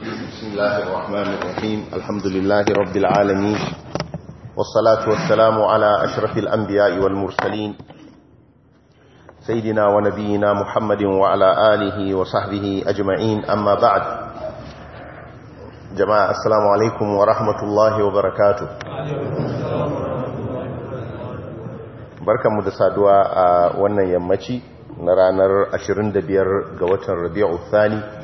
Bismillahir Rahmanir Rahim. Alhamdulillahi Rabbil Alamin. Wassalatu wassalamu ala ashrafil anbiya'i wal mursalin. Sayidina wa nabiyyina Muhammadin wa ala alihi wa sahbihi ajma'in. Amma ba'ad. Jama'a assalamu alaikum wa rahmatullahi wa barakatuh. Barkamu da saduwa a wannan yammaci na ranar da biyar ga watan Rabiul Thani.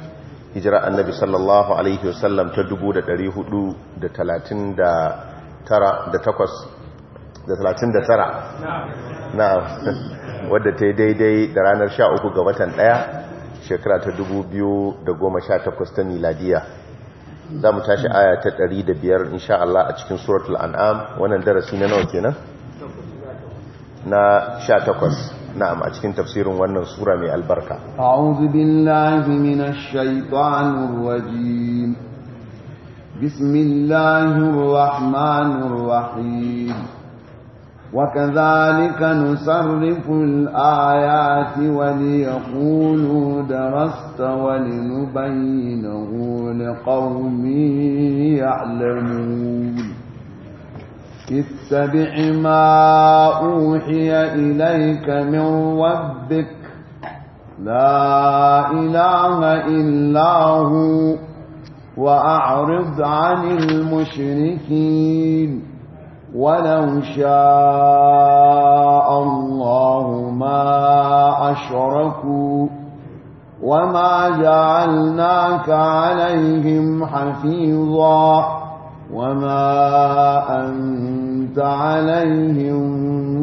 hijira annabi sallallahu alaihi wasallam ta 439 na wadda ta yi daidai da ranar 13 ga watan 1 shekara ta 2018 ta miladiya za mu tashi aya ta 105 insha Allah a cikin suratul an'am wannan darasi na nawa kenan na 18 na'am a cikin tafsirin wannan sura mai albarka a'udhu billahi minash shaitanir rajim wani ya rahim وكذلك نصرف الآيات وليقولوا درست ولنبينه لقوم يعلمون اتبع ما أوحي إليك من ربك لا إله إلا هو وأعرض عن المشركين ولو شاء الله ما أشركوا وما جعلناك عليهم حفيظاً وما أنت عليهم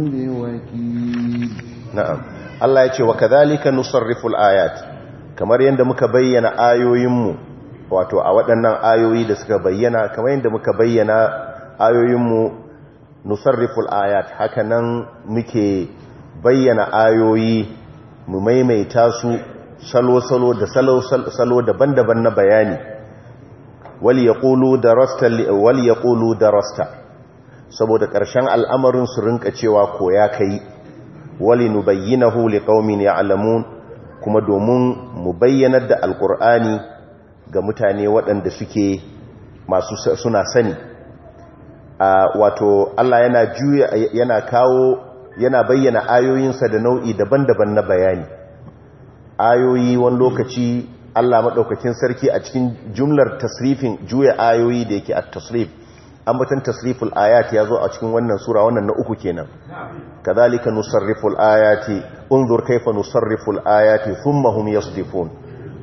بوكيل نعم الله يتي وكذلك نصرف الآيات kamar yadda muka bayyana ayoyinmu wato a waɗannan ayoyi da suka bayyana kamar yadda muka bayyana ayoyinmu nusarriful ayat hakanan muke bayyana ayoyi mu maimaita su salo-salo da salo-salo daban-daban na bayani wal yaqulu darasta wal da rasta saboda ƙarshen al'amarin su rinka cewa koya kai wali nu huli ƙaumin ya alamu kuma domin mu bayyanar da Alƙur'ani ga mutane waɗanda suke masu suna sani wato Allah yana juya yana kawo yana bayyana ayoyinsa da nau'i daban-daban na bayani ayoyi wani lokaci Allah maɗaukakin sarki a cikin jumlar tasrifin juya ayoyi da yake a tasrif ambatan tasriful ayati ya zo a cikin wannan sura wannan na uku kenan kazalika nusarriful ayati unzur kaifa nusarriful ayati thumma hum yasdifun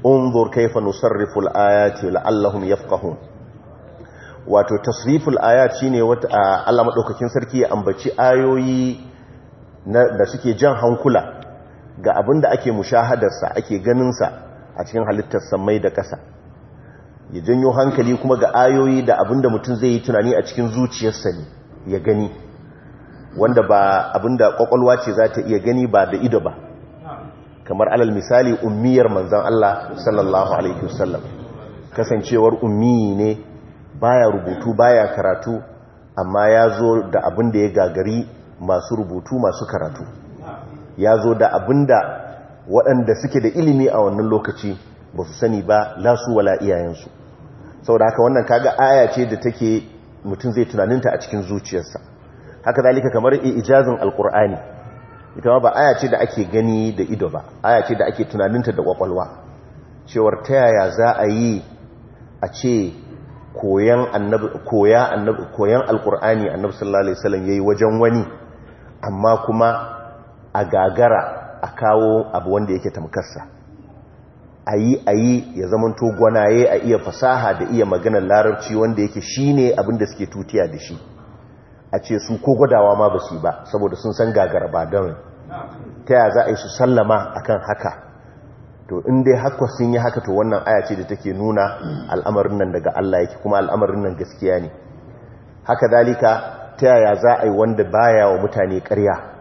unzur kaifa nusarriful ayati la'allahum yafqahun wato tasriful ayati shine wata Allah madaukakin sarki ya ambaci ayoyi da suke jan hankula ga abinda ake mushahadarsa ake ganin sa a cikin halittar samai da ƙasa ya janyo hankali kuma ga ayoyi da abinda mutum zai yi tunani a cikin zuciyarsa ne ya gani wanda ba abinda kwakwalwa ce za ta iya gani ba da ido ba kamar alal misali ummiyar manzan Allah sallallahu alaihi wasallam kasancewar ummi ne baya rubutu baya karatu amma ya zo da abinda ya gagari masu rubutu masu karatu ya zo da abinda waɗanda suke da ilimi a wannan lokaci ba su sani ba lasu wala iyayensu saboda haka wannan kaga aya ce da take mutum zai tunaninta a cikin zuciyarsa haka zalika kamar ijazin alkur'ani ita ba aya da ake gani da ido ba aya da ake tunaninta da kwakwalwa cewar ta yaya za a yi a ce koyan alkur'ani annabi sallallahu alaihi wasallam yayi wajen wani amma kuma a gagara a kawo abu wanda yake tamkarsa a yi a yi ya zamanto gwanaye a iya fasaha da iya maganar larabci wanda yake shi ne abinda suke tutiya da shi a ce su ko gwadawa ma ba su ba saboda sun san gagara ba don ta yaya za a yi su sallama akan haka to in dai haka sun yi haka to wannan aya ce da take nuna al'amarin nan daga Allah yake kuma al'amarin nan gaskiya ne haka zalika ta yaya za a yi wanda baya wa mutane karya?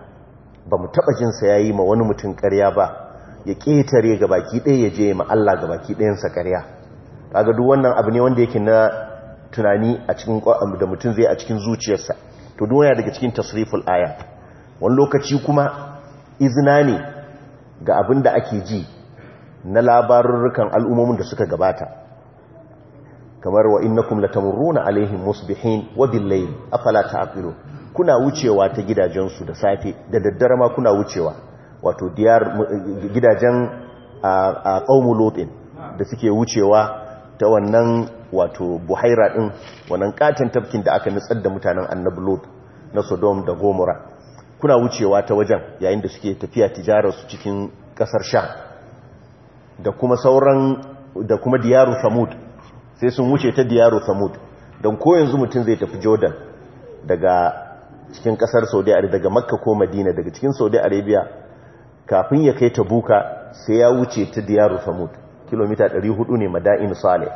ba mu taɓa jinsa ya yi ma wani mutum karya ba ya ƙetare ga baki ɗaya ya je ma Allah ga baki ɗayansa ƙarya kaga duk wannan abu ne wanda yake na tunani a cikin da mutum zai a cikin zuciyarsa to duk daga cikin tasriful aya wani lokaci kuma izina ne ga abin da ake ji na labarurrukan al'ummomin da suka gabata kamar wa innakum latamurruna alaihim musbihin wa billayl afala ta'qilun kuna wucewa ta gidajensu da safe da daddare ma kuna wucewa wato diyar gidajen a ƙaumu da suke wucewa ta wannan wato buhaira ɗin wannan katin tafkin da aka nutsar da mutanen annabi lot na sodom da gomora kuna wucewa ta wajen yayin da suke tafiya tijararsu cikin ƙasar sha da kuma sauran da kuma diyaru samud sai sun wuce ta diyaru samud don ko yanzu mutum zai tafi jordan daga cikin kasar saudi arabia daga makka ko madina daga cikin saudi arabia kafin ya kai tabuka sai ya wuce ta diyaru samud kilomita 400 ne mada'in Sale.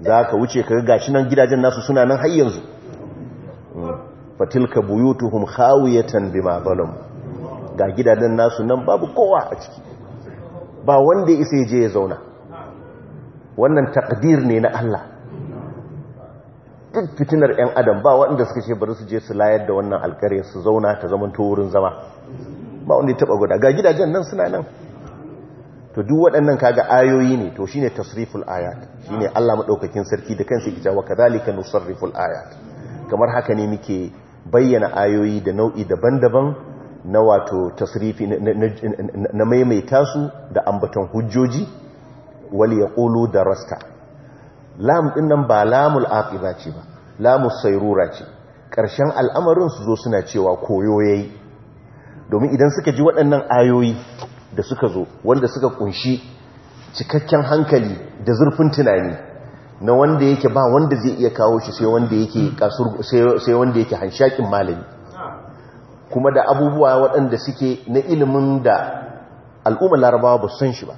za ka wuce ka gashi nan gidajen nasu suna nan har yanzu mm. fatilka buyutuhum khawiyatan bima zalam ga gidajen nasu nan babu kowa a ciki ba wanda isa je ya zauna wannan takdir ne na Allah duk fitinar 'yan adam ba waɗanda suka ce bari su je su layar da wannan alkare su zauna ta zama wurin zama ba wanda ya taɓa guda ga gidajen nan suna nan to duk waɗannan kaga ayoyi ne to shine tasriful ayat shine Allah maɗaukakin sarki da kansa yake cewa kadhalika nusarriful ayat kamar haka ne muke bayyana ayoyi da nau'i daban-daban na wato tasrifi na maimaita su da ambaton hujjoji wal yaqulu darasta lam din nan ba lamul aqiba ce ba lamus sayrura ce ƙarshen al'amarin su zo suna cewa koyo yayi domin idan suka ji waɗannan ayoyi da suka zo wanda suka kunshi cikakken hankali da zurfin tunani na wanda yake ba wanda zai iya kawo shi sai wanda yake kasur sai wanda yake hanshakin malami kuma da abubuwa waɗanda suke na ilimin da al'ummar larabawa ba san shi ba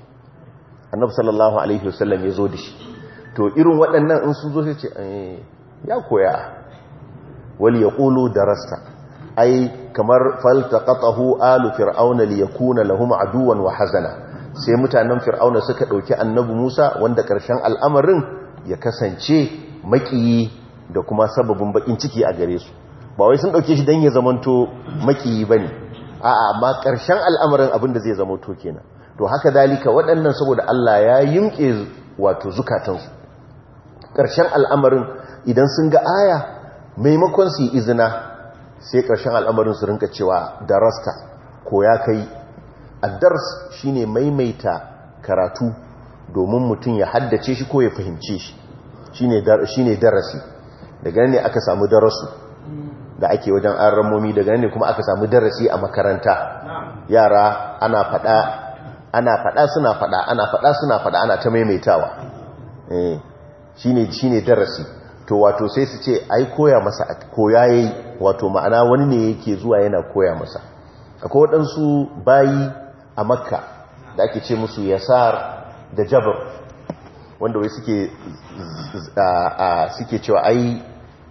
annabi sallallahu alaihi wasallam ya zo da shi to irin waɗannan in sun zo sai ce eh, ya koya wal ya ƙulu da rasta ai kamar faltaƙatahu alu fir'auna kuna Lahuma, lahum aduwan wa hazana sai mutanen fir'auna suka ɗauki annabi musa wanda ƙarshen al'amarin ya kasance maƙiyi da kuma sababin baƙin ciki a gare su ba wai sun ɗauki shi don ya zamanto maƙiyi ba ne a'a ma ƙarshen al'amarin abin da zai zamanto kenan to haka dalika waɗannan saboda allah ya yinƙe wato zukatansu ƙarshen al'amarin idan sun ga aya maimakon su yi izina sai ƙarshen al'amarin su rinka cewa darasta ko ya kai addars ne maimaita karatu domin mutum ya haddace shi ko ya fahimce shi Shi ne darasi daga ne aka samu darasu da ake wajen an ramomi daga ne kuma aka samu darasi a makaranta yara ana fada ana fada suna fada ana fada suna fada ana ta maimaitawa eh. shine shine darasi to wato sai su ce ai koya masa koya yayi wato ma'ana wani ne yake zuwa yana koya masa akwai waɗansu bayi a makka da ake ce musu yasar da jabr wanda wai suke suke cewa ai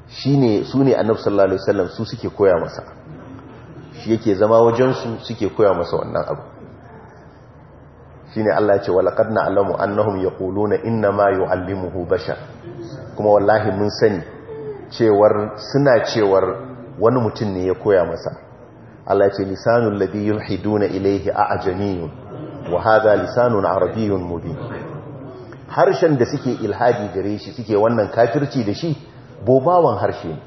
shine su ne annabi sallallahu alaihi wasallam su suke koya masa shi yake zama wajensu suke koya masa wannan abu shine Allah ya ce walaqad na'lamu annahum yaquluna inna ma yu'allimuhu bashar kuma wallahi mun sani cewar suna cewar wani mutum ne ya koya masa Allah ya ce lisanul ladhi yulhiduna ilayhi a'janiyun wa hadha lisanun arabiyyun mubin harshen da suke ilhadi gare shi suke wannan kafirci da shi bobawan harshe ne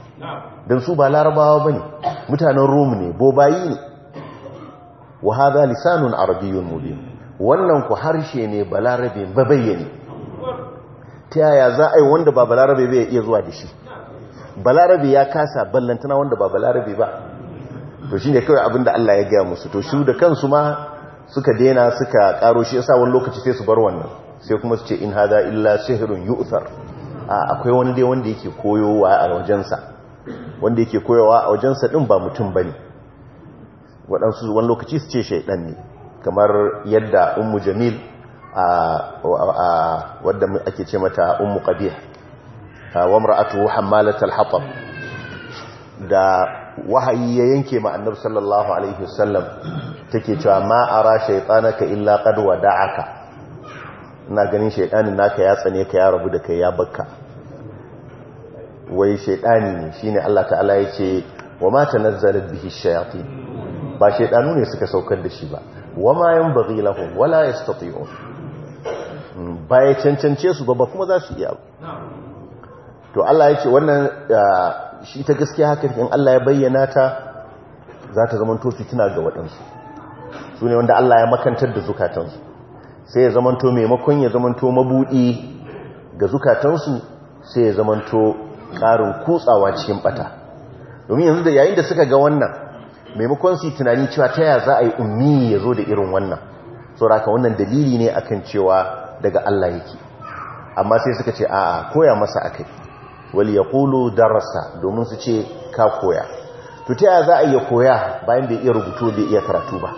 don su ba larabawa bane mutanen rum ne bobayi ne wa hadha lisanun arabiyyun mubin wannan ku harshe ne balarabe ba bayyane ta yaya za a yi wanda ba balarabe bai iya zuwa da shi balarabe ya kasa ballantana wanda ba balarabe ba to shi ne kawai abinda Allah ya gaya musu to shi da kansu ma suka dena suka karo shi yasa wani lokaci sai su bar wannan sai kuma su ce in hada illa sihrun yu'thar akwai wani dai wanda yake koyowa a wajensa wanda yake koyowa a wajensa din ba mutum bane waɗansu wani lokaci su ce shaydan ne kamar yadda umu jamil a wadda ake ce mata ummu qabih wa wamra'atu hammalat al-hatab da wahayi ya yanke ma annabi sallallahu alaihi wasallam take cewa ma ara shaytanaka illa qad wada'aka ina ganin shaytanin naka ya tsane ka ya rabu da kai ya bakka wai shaytani ne shine Allah ta'ala yace wa ma tanazzalat bihi shayatin ba shaydanu ne suka saukar da shi ba wama yanbaghi lahum wala yastati'un ba ya cancance su ba ba kuma za su iya to Allah ya ce wannan shi ta gaskiya haka in Allah ya bayyana ta za ta zama to fitina ga waɗansu su ne wanda Allah ya makantar da zukatansu sai ya zama to maimakon ya zama to mabuɗi ga zukatansu sai ya zama to ƙarin kutsawa cikin ɓata domin yanzu da yayin da suka ga wannan maimakon su tunani cewa ta yaya za a yi ummi ya zo da irin wannan sauraka wannan dalili ne akan cewa daga Allah yake amma sai suka ce a'a koya masa akai wal yaqulu darasa domin su ce ka koya to ta yaya za a yi koya bayan bai iya rubutu bai iya karatu ba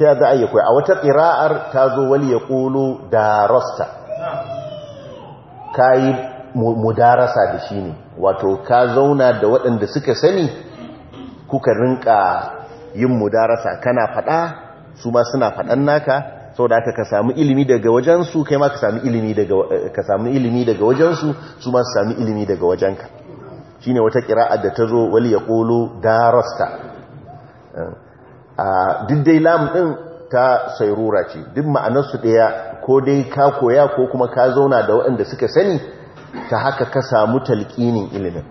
ta yaya za a yi koya a wata qira'ar ta zo wal yaqulu darasta kai mudarasa da shi ne wato ka zauna da waɗanda suka sani kuka rinka yin mudarasa kana faɗa su ma suna faɗan naka sau da aka ka samu ilimi daga wajensu kai ma ka samu ilimi daga wajensu su ma su sami ilimi daga wajenka shi ne wata kira'ar da ta zo wali ya ƙolo darasta a diddai lam ɗin ta sairura ce duk ma'anarsu ɗaya ko dai ka koya ko kuma ka zauna da waɗanda suka sani ta haka ka samu talƙinin ilimin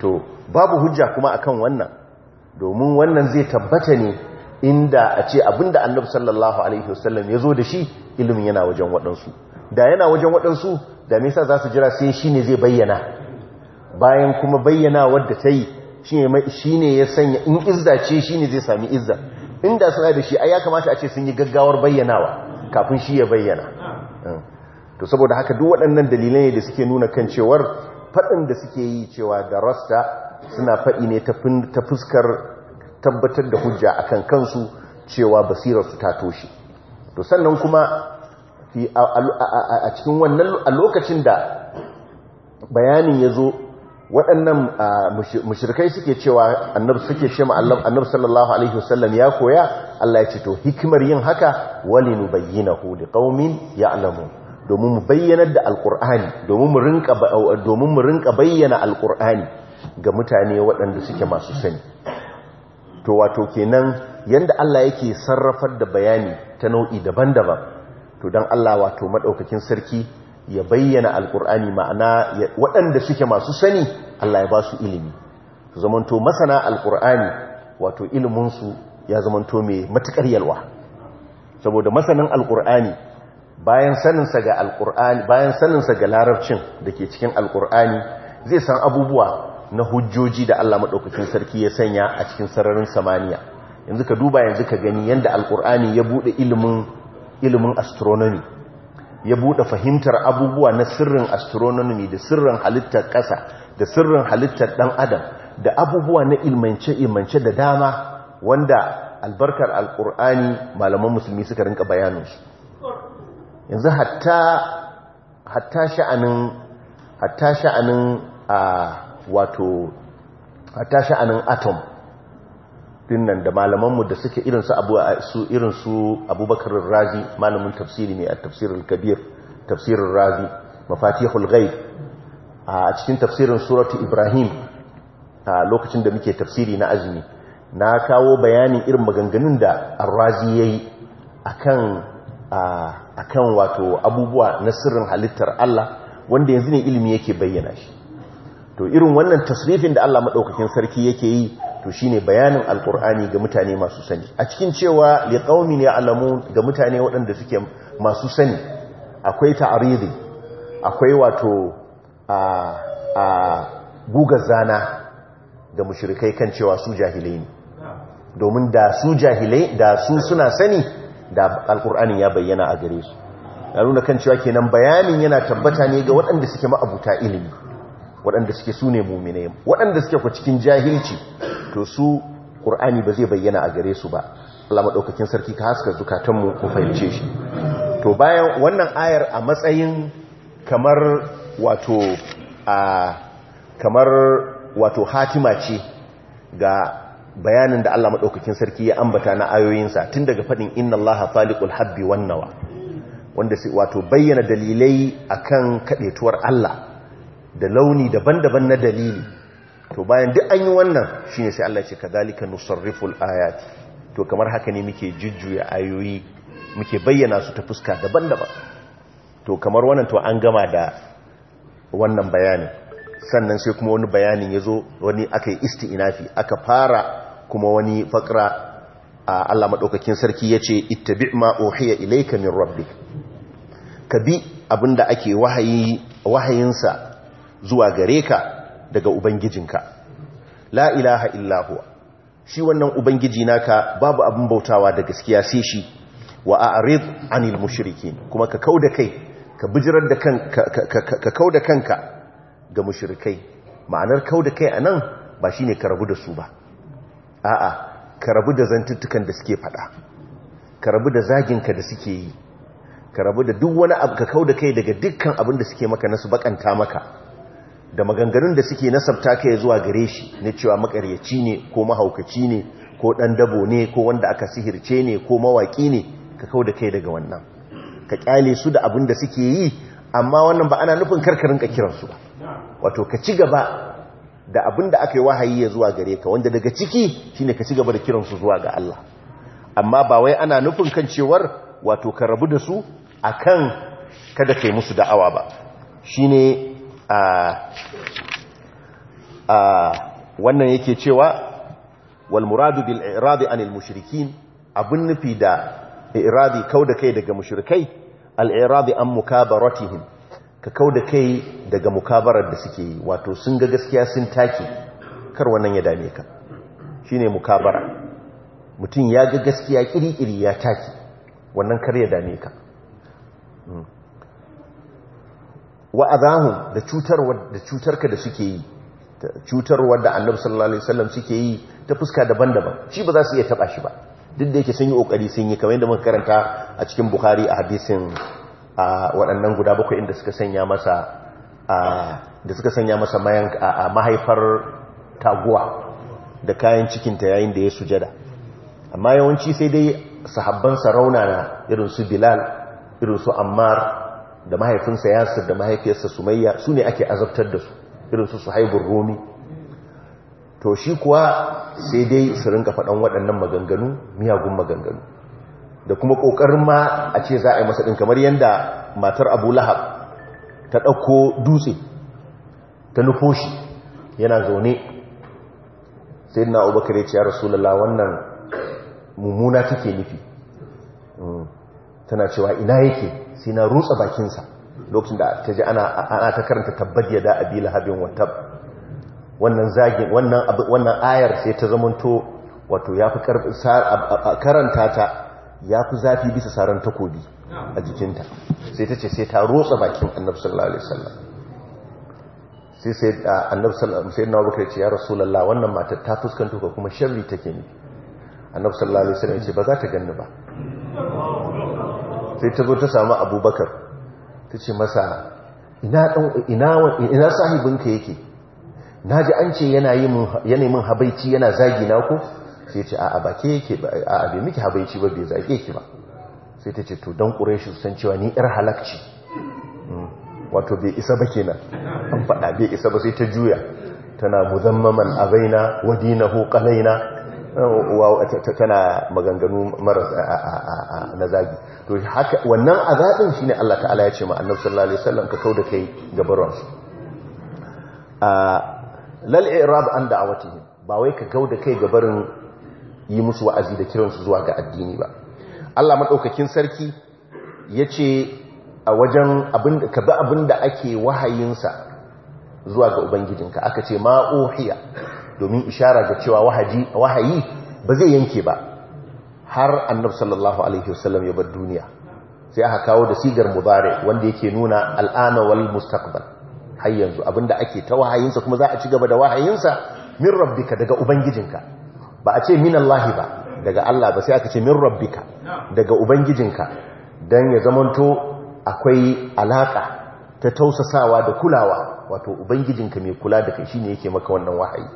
to babu hujja kuma akan wannan domin wannan zai tabbata ne inda a ce abinda annabi sallallahu alaihi wasallam ya zo da shi ilimin yana wajen waɗansu da yana wajen waɗansu da me yasa za su jira sai shi ne zai bayyana bayan kuma bayyana wadda ta yi shi ne ya sanya in izza ce shi zai sami izza inda suna da shi ai ya kamata a ce sun yi gaggawar bayyanawa kafin shi ya bayyana eh. to saboda haka duk waɗannan dalilai ne da suke nuna kan cewar faɗin da suke yi cewa da rasta suna faɗi ne ta fuskar tabbatar da hujja akan kansu cewa basirarsu ta toshe to sannan kuma a cikin wannan lokacin da bayanin ya zo waɗannan mushrikai suke cewa annabu suke shema annabu sallallahu alaihi wasallam ya koya Allah ya ce to hikimar yin haka walinu ƙaumin liqaumin ya'lamun domin mu bayyanar da alkur'ani domin mu rinka bayyana alkur'ani ga mutane waɗanda suke masu sani to wato kenan yanda Allah yake sarrafar da bayani ta nau'i daban-daban to don Allah wato maɗaukakin sarki ya bayyana alkur'ani ma'ana waɗanda suke masu sani Allah ya ba su ilimi su zamanto masana alkur'ani wato iliminsu ya zamanto mai matuƙar yalwa saboda masanin alkur'ani bayan saninsa ga alkur'ani bayan saninsa ga larabcin da ke cikin alkur'ani zai san abubuwa na hujjoji da Allah Maɗaukacin sarki ya sanya a cikin sararin samaniya yanzu ka duba yanzu ka gani yadda alkur'ani ya buɗe ilimin astronomi, ya buɗe fahimtar abubuwa na sirrin astronomi da sirrin halittar ƙasa da sirrin halittar ɗan adam da abubuwa na ilmance-ilmance da dama wanda albarkar alkur'ani malaman musulmi suka rinka bayaninsu yanzu hatta hatta sha'anin hatta sha'anin a wato hatta sha'anin atom dinnan da malamanmu da suke irinsu abu su abubakar razi malamin tafsiri ne a tafsirin kabir tafsirin razi mafatihul ghaib a cikin tafsirin suratu ibrahim a lokacin da muke tafsiri na azumi na kawo bayanin irin maganganun da arrazi yayi akan a akan wato abubuwa na sirrin halittar Allah wanda yanzu ne ilimi yake bayyana shi to irin wannan tasrifin da Allah madaukakin sarki yake yi to shine bayanin alqur'ani ga mutane masu sani a cikin cewa liqaumin alamu ga mutane waɗanda suke masu sani akwai ta'ridi akwai wato a a guga zana ga mushrikai kan cewa su jahilai ne domin da su jahilai da su suna sani da alkur'ani ya bayyana a gare su na nuna kan cewa kenan bayanin yana tabbata ne ga waɗanda suke ma'abuta ilimi waɗanda suke su ne muminai waɗanda suke ku cikin jahilci to su ƙur'ani ba zai bayyana a gare su ba alama ɗaukakin sarki ka haska zukatanmu ko fahimce shi to bayan wannan ayar a matsayin kamar wato a kamar wato hatima ce ga bayanin da Allah maɗaukakin sarki ya ambata na ayoyinsa tun daga faɗin inna Allah faliqul habbi wan nawa wanda sai wato bayyana dalilai akan kaɗaituwar Allah da launi daban-daban na dalili to bayan duk an yi wannan shine sai Allah ya ce kadalika nusarriful ayat to kamar haka ne muke jujjuya ayoyi muke bayyana su ta fuska daban-daban to kamar wannan to an gama da wannan bayanin sannan sai kuma wani bayanin ya zo wani aka yi inafi aka fara kuma wani fakra a Allah maɗaukakin sarki ya ce ittabi ma ohiya ilaika min rabbik ka bi abin da ake wahayinsa zuwa gare ka daga ubangijinka la ilaha huwa shi wannan ubangiji naka babu abin bautawa da gaskiya sai shi wa a'rid anil mushrikin kuma ka kauda kai ka bijirar da kanka ka kauda kanka ga mushrikai ma'anar kauda kai anan ba shine ka rabu da su ba a'a ka rabu da zantuttukan da suke fada ka rabu da zaginka da suke yi ka rabu da duk wani abu ka kau da kai daga dukkan abin da suke maka na su bakanta maka da maganganun da suke nasabta kai zuwa gare shi na cewa makaryaci ne ko mahaukaci ne ko dan dabo ne ko wanda aka sihirce ne ko mawaki ne ka kau da kai daga wannan ka kyale su da abin da suke yi amma wannan ba ana nufin karkarin ka kiransu ba wato ka ci gaba da abin da aka yi wahayi ya zuwa gare ka wanda daga ciki shine ka ci gaba da kiransu zuwa ga Allah amma ba wai ana nufin kan cewar wato ka rabu da su a kan kada ka yi musu da'awa ba Shi ne a wannan yake cewa walmuradu bil iradi anil mushrikin abun nufi da iradi da kai daga mushrikai al iradi an mukabaratihim ka kau da kai daga mukabarar da suke yi wato sun ga gaskiya sun take kar wannan ya dame ka shine mukabara mutum ya ga gaskiya kiri-kiri ya take wannan kar ya dame ka hmm. wa azahum da cutarwa da cutarka da suke yi cutarwa da annabi sallallahu alaihi wasallam suke yi ta fuska daban-daban shi ba za su iya taba shi ba duk da yake sun yi kokari sun yi kamar yadda muka karanta a cikin bukhari a hadisin a waɗannan guda bakwai inda suka sanya masa da suka sanya masa mahaifar taguwa da kayan cikinta yayin da ya sujada amma yawanci sai dai sarauna na irin su bilal irin su ammar da mahaifinsa yasir da mahaifiyarsa sumayya su ne ake azabtar da su irin su suhaibun romi to shi kuwa sai dai su rinka faɗan waɗannan maganganu miyagun maganganu da kuma ƙoƙarin ma a ce za a yi masa ɗin kamar yadda matar abu lahab ta ɗauko dutse ta nufo shi yana zaune sai na abubakar ya ce ya rasulallah wannan mummuna take nufi mm. tana cewa ina yake sai na rutsa bakinsa lokacin da ta ji ana ta karanta tabbat ya da lahabin watab wannan zagin wannan ayar sai ta zamanto wato ya fi karanta ta ya fi zafi bisa saran takobi a jikinta sai ta ce sai ta rotsa bakin annabi sallallahu alaihi wasallam sai sai annabi sallallahu alaihi wasallam ce ya rasulullah wannan matar ta fuskanto ka kuma sharri take ni annabi sallallahu alaihi wasallam ce ba za ta ganni ba sai ta zo ta samu abubakar ta ce masa ina ina sahibinka yake na ji an ce yana yi mun habaici yana zagi na ku sai ce a'a ba ke yake ba a'a bai miki habaici ba bai zage ki ba sai ta ce to don ƙureshi san cewa ni yar halakci hmm. wato bai isa ba kenan an faɗa bai isa ba sai ta juya tana muzammaman abaina wadinahu qalaina tana maganganu maras na zagi to haka wannan azabin shine Allah ta'ala ya ce ma annabi sallallahu alaihi wasallam ka kauda kai gabaron lal i'rab an da'awatihim ba wai ka gauda kai gabarin yi musu wa'azi da kiransu zuwa ga addini ba Allah maɗaukakin sarki ya ce a wajen ka bi abin da ake wahayinsa zuwa ga Ubangijinka aka ce ma'ohiya domin ishara ga cewa wahayi ba zai yanke ba har annab sallallahu alaihi wasallam ya bar duniya sai aka kawo da sigar mubare wanda yake nuna al'ana wal mustaqbal har yanzu abin da ake ta wahayinsa kuma za a ci gaba da wahayinsa min rabbika daga ubangijinka ba a ce min Allah ba daga Allah ba sai aka ce min rabbika daga ubangijinka dan ya zamanto akwai alaka ta tausasawa da kulawa wato ubangijinka mai kula da kai shine yake maka wannan wahayi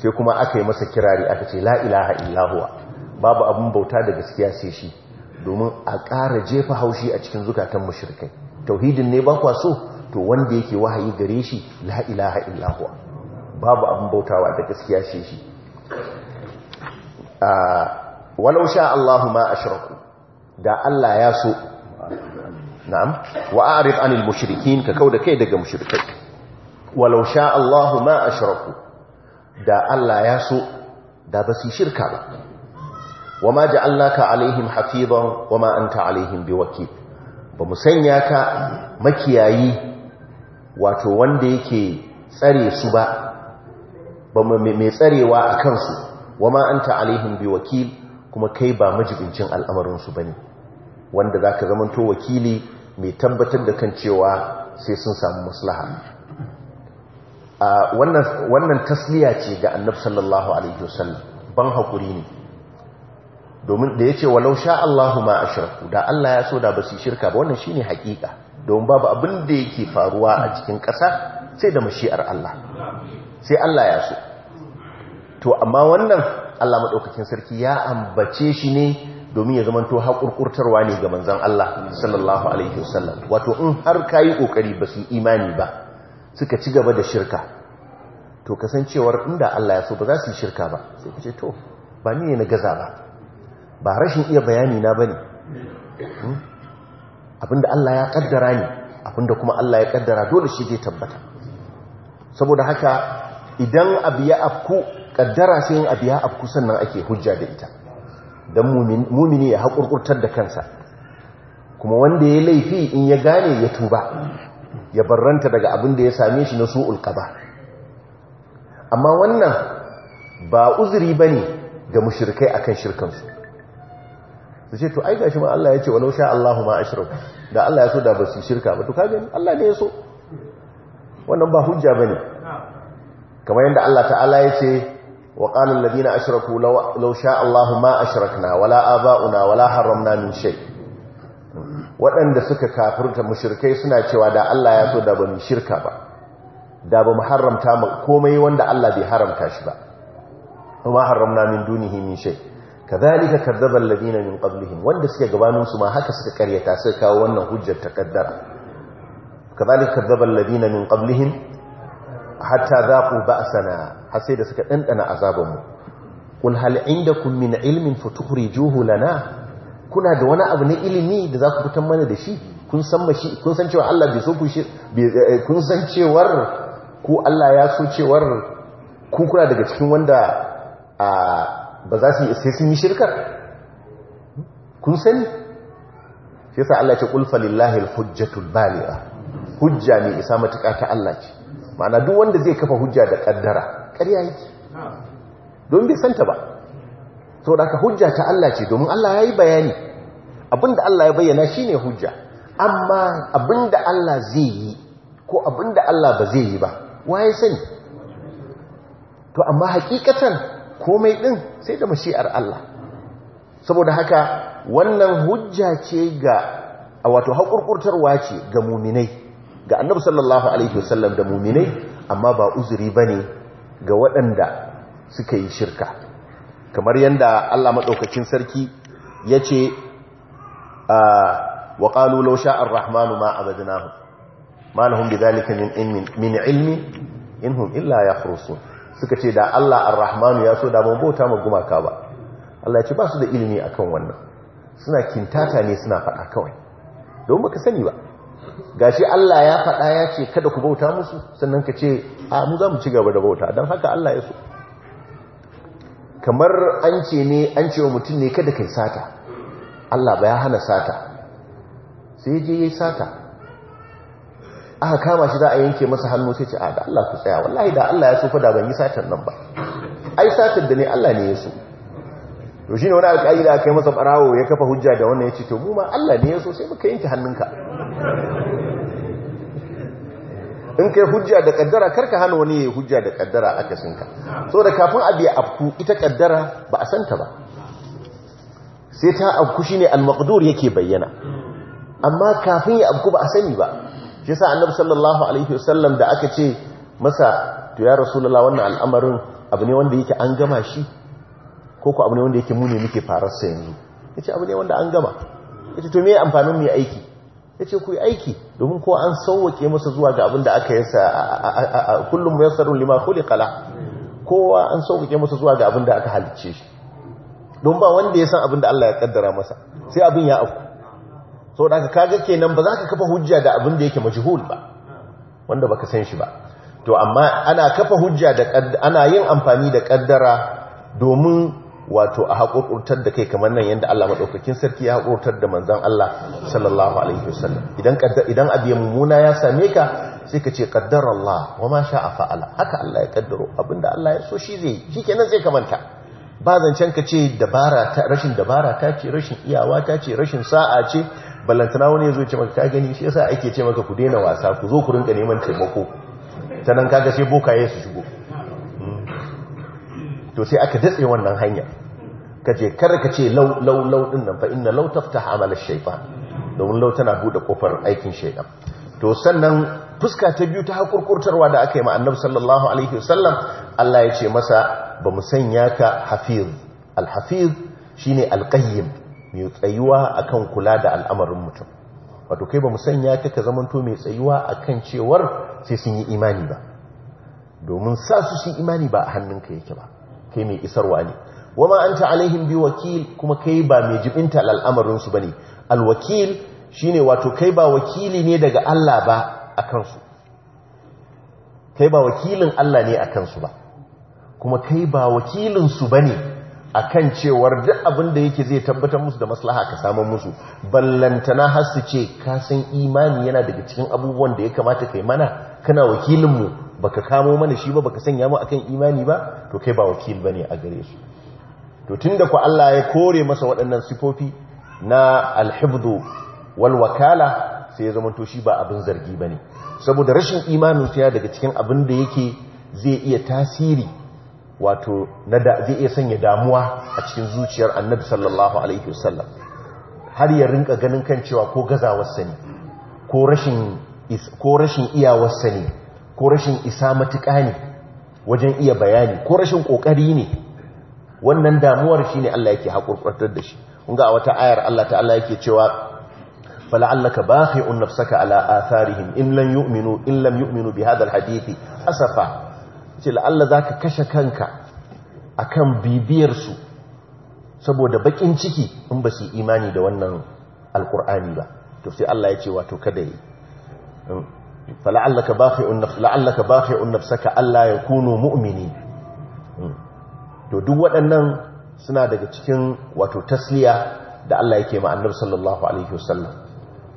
sai kuma aka yi masa kirari aka ce la ilaha illahuwa babu abun bauta da gaskiya sai shi domin a ƙara jefa haushi a cikin zukatan mushrikai tauhidin ne ba kwaso to wanda yake wahayi gare shi la ilaha illahuwa babu abun bautawa da gaskiya sai shi walau sha Allahu ma ashraku da Allah ya so na'am wa a'rid anil mushrikin ka kauda kai daga mushrikai walau sha Allahu ma ashraku da Allah ya so da ba su shirka ba Wa wama ja'alnaka alaihim hafizan wama anta alaihim biwakil ba mu sanya ka makiyayi wato wanda yake tsare su ba ba mai tsarewa a kansu wama ta'alihin bi wakil kuma kai ba majibincin al'amarin su ne. wanda za zaka zamanto wakili mai tabbatar da kan cewa sai sun samu maslaha a wannan tasliya ce ga annab sallallahu alaihi wasallam ban hakuri ne domin da ce walau sha Allahu ma shirku da Allah ya so da ba basu shirka ba wannan shi ne hakika domin babu abin da yake faruwa a cikin ƙasa sai da mashi'ar Allah sai Allah ya so to amma wannan Allah maɗaukakin sarki ya ambace shi ne domin ya zamanto haƙurƙurtarwa ne ga manzan Allah sallallahu alaihi wasallam wato in har kayi ƙoƙari ba su imani ba suka ci gaba da shirka to kasancewar inda Allah ya so ba za su yi shirka ba sai ka ce to ba ni ne na gaza ba ba rashin iya bayani na bane hmm? abinda Allah ya ƙaddara ne abinda kuma Allah ya ƙaddara dole shi zai tabbata saboda haka idan abu ya afku kaddara sai yin abiya a kusan nan ake hujja da ita don mumini ya haƙurƙurtar da kansa kuma wanda ya laifi in ya gane ya tuba ya barranta daga abin da ya same shi na su'ul ƙaba amma wannan ba uzuri ba ne ga mushirkai a kan shirkansu su ce to ai gashi ma Allah ya ce walau sha Allahu ma ashirin da Allah ya so da ba shirka ba to kagani Allah ne ya so wannan ba hujja ba ne kamar yadda Allah ta'ala ya ce وقال الذين أشركوا لو, لو شاء الله ما أشركنا ولا آباؤنا ولا حرمنا من شيء waɗanda suka kafirta mushrikai suna cewa da Allah ya so da ba mu shirka ba da ba mu haramta mu komai wanda Allah bai haramta shi ba kuma haramna min dunihi min shay kadhalika kadzaba alladhina min qablihim wanda suke gabanin su ma haka suka karyata suka kawo wannan hujjar takaddara kadhalika kadzaba hatta a ba'sana har sai da suka ɗanɗana azaban mu hal'in da kun min ilmin juhu lana kuna da wani abu na ilimi da za ku fitan mana da shi kun san cewa Allah eh, cewar ku Allah ya so cewar ku kuna daga cikin wanda ba za su yi sai sun yi shirkar kun sani shi sa Allah ce qul lillahi hujjatul baligha hujja ne isa matuƙa ta Allah ce ma'ana duk wanda zai kafa hujja da kaddara ƙarya yake don bai santa ba to da hujja ta Allah ce domin Allah ya yi bayani abinda Allah ya bayyana shi ne hujja amma abinda Allah zai yi ko abinda Allah ba zai yi ba waye sani to amma hakikatan komai din sai da mashi'ar Allah saboda haka wannan hujja ce ga wato haƙurƙurtarwa ce ga muminai ga annabi sallallahu alaihi wasallam da muminai amma ba uzuri bane ga waɗanda suka yi shirka kamar yanda Allah madaukakin sarki yace ah, wa qalu law sha'a ar-rahmanu ma abadnahu ma lahum bidhalika min ilmin min ilmi inhum illa yakhrusun suka ce da Allah ar ya so da bauta ma gumaka ba Allah ya ce ba su da ilimi akan wannan suna kintata ne suna faɗa kawai don baka sani ba gashi Allah ya faɗa ya ce kada ku bauta musu sannan ka ce a mu za mu ci gaba da bauta don haka Allah ya so kamar an ce ne an ce wa mutum ne kada kai sata Allah ba ya hana sata sai je yi sata aka kama shi za a yanke masa hannu sai ce a da Allah ku tsaya wallahi da Allah ya so fa da ban yi satar nan ba ai satar da ne Allah ne ya so to shine wani alƙali da aka yi masa farawo ya kafa hujja da wannan ya ce to mu ma Allah ne ya so sai muka yanke hannunka in kai hujja da kaddara karka hana wani yi hujja da kaddara akasinka saboda kafin ya afku ita kaddara ba a santa ba sai ta afku ne al-maqdur yake bayyana amma kafin ya afku ba a sani ba shi sa annabi sallallahu alaihi wasallam da aka ce masa to ya rasulullah wannan al'amarin abu ne wanda yake an gama shi ko ko abu ne wanda yake mu ne muke farar sa yanzu yace abu ne wanda an gama yace to me amfanin mu aiki ya ce ku yi aiki domin ko an sauwake masa zuwa ga abin da aka yasa a kullum mai sarrun lima kuli kala kowa an sauwake masa zuwa ga abin da aka halicce shi don ba wanda ya san abin da Allah ya kaddara masa sai abin ya afku so da kaga kenan ba za ka kafa hujja da abin da yake majhul ba wanda baka san shi ba to amma ana kafa hujja da ana yin amfani da kaddara domin wato a haƙurƙurtar da kai kamar nan yadda Allah maɗaukakin sarki ya haƙurƙurtar da manzan Allah sallallahu alaihi wasallam idan abin ya mummuna ya same ka sai ka ce ƙaddar Allah wa ma sha'a fa'ala haka Allah ya ƙaddaro abinda Allah ya so shi zai shi sai ka manta ba zancen ka ce dabara ta rashin dabara ta ce rashin iyawa ta ce rashin sa'a ce ballantana wani ya zo ce maka gani shi yasa ake ce maka ku daina wasa ku zo ku rinka neman taimako ta nan kaga sai bokaye su shigo hmm. to sai aka datse wannan hanyar. kace kar ka ce lau lau lau din nan fa inna lau taftaha amal ash domin lau tana bude kofar aikin shaytan to sannan fuska ta biyu ta hakurkurtarwa da aka yi ma sallallahu alaihi wasallam Allah ya ce masa ba mu sanya ka hafiz alhafiz shine alƙayyim mai tsayuwa akan kula da al'amarin mutum wato kai ba mu sanya ka ka zamanto mai tsayuwa akan cewar sai sun yi imani ba domin sa su sun imani ba a hannunka yake ba kai mai isarwa ne wama ta alaihim bi wakil kuma kai ba mai jibinta al'amarin su bane alwakil shine wato kai ba wakili ne daga Allah ba akan su kai ba wakilin Allah ne akan su ba kuma kai ba wakilin su bane akan cewar duk abin da yake zai tabbatar musu da maslaha ka samu musu ballantana har su ce ka san imani yana daga cikin abubuwan da ya kamata kai mana kana wakilin mu baka kamo mana shi ba baka sanya mu akan imani ba to kai ba wakil bane a gare su to tunda ku Allah ya kore masa waɗannan sifofi na alhibdu wal wakala sai ya zama to shi ba abin zargi bane saboda rashin imanin sa daga cikin abin da yake zai iya tasiri wato zai iya sanya damuwa a cikin zuciyar annabi sallallahu alaihi wasallam har ya rinka ganin kan cewa ko gazawar sani ko rashin ko rashin iyawar sani ko rashin isa matuƙa ne wajen iya bayani ko rashin kokari ne wannan damuwar shi ne Allah yake hakurkurtar da shi kunga wata ayar Allah ta'ala yake cewa fala'allaka bakhi'un nafsaka ala atharihim in lam yu'minu in lam yu'minu bi hadha alhadith asafa ce la'alla zaka kashe kanka akan bibiyar su saboda bakin ciki in ba su imani da wannan alqur'ani ba to sai Allah ya ce wato kada yi fala'allaka bakhi'un nafsaka la'allaka bakhi'un nafsaka alla yakunu mu'minin hmm. to duk waɗannan suna daga cikin wato tasliya da Allah yake ma annabi sallallahu alaihi wasallam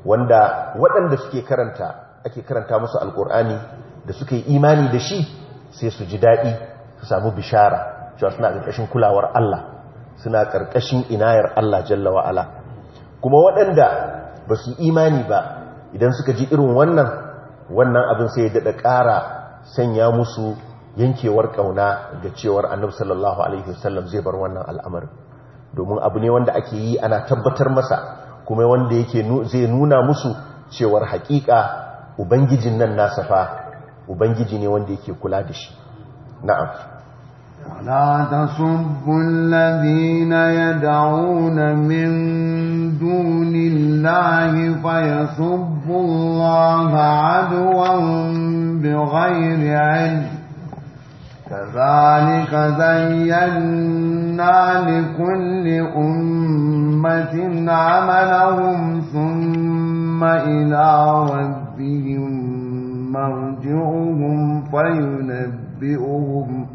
wanda waɗanda suke karanta ake karanta musu alkur'ani da suke imani da shi sai su ji daɗi su samu bishara cewa suna ƙarƙashin kulawar Allah suna ƙarƙashin inayar Allah jalla wa'ala kuma waɗanda ba su imani ba idan suka ji irin wannan wannan abin sai ya daɗa ƙara sanya musu yankewar kauna ga cewar annabi sallallahu alaihi wasallam zai bar wannan al'amarin domin abu ne wanda ake yi ana tabbatar masa kuma wanda yake zai nuna musu cewar haƙiƙa ubangijin nan nasa fa ubangiji ne wanda yake kula da shi na'am ولا تسبوا الذين يدعون من دون الله فيسبوا الله عدوا بغير علم كذلك زينا لكل أمة عملهم ثم إلى ربهم مرجعهم فينبئهم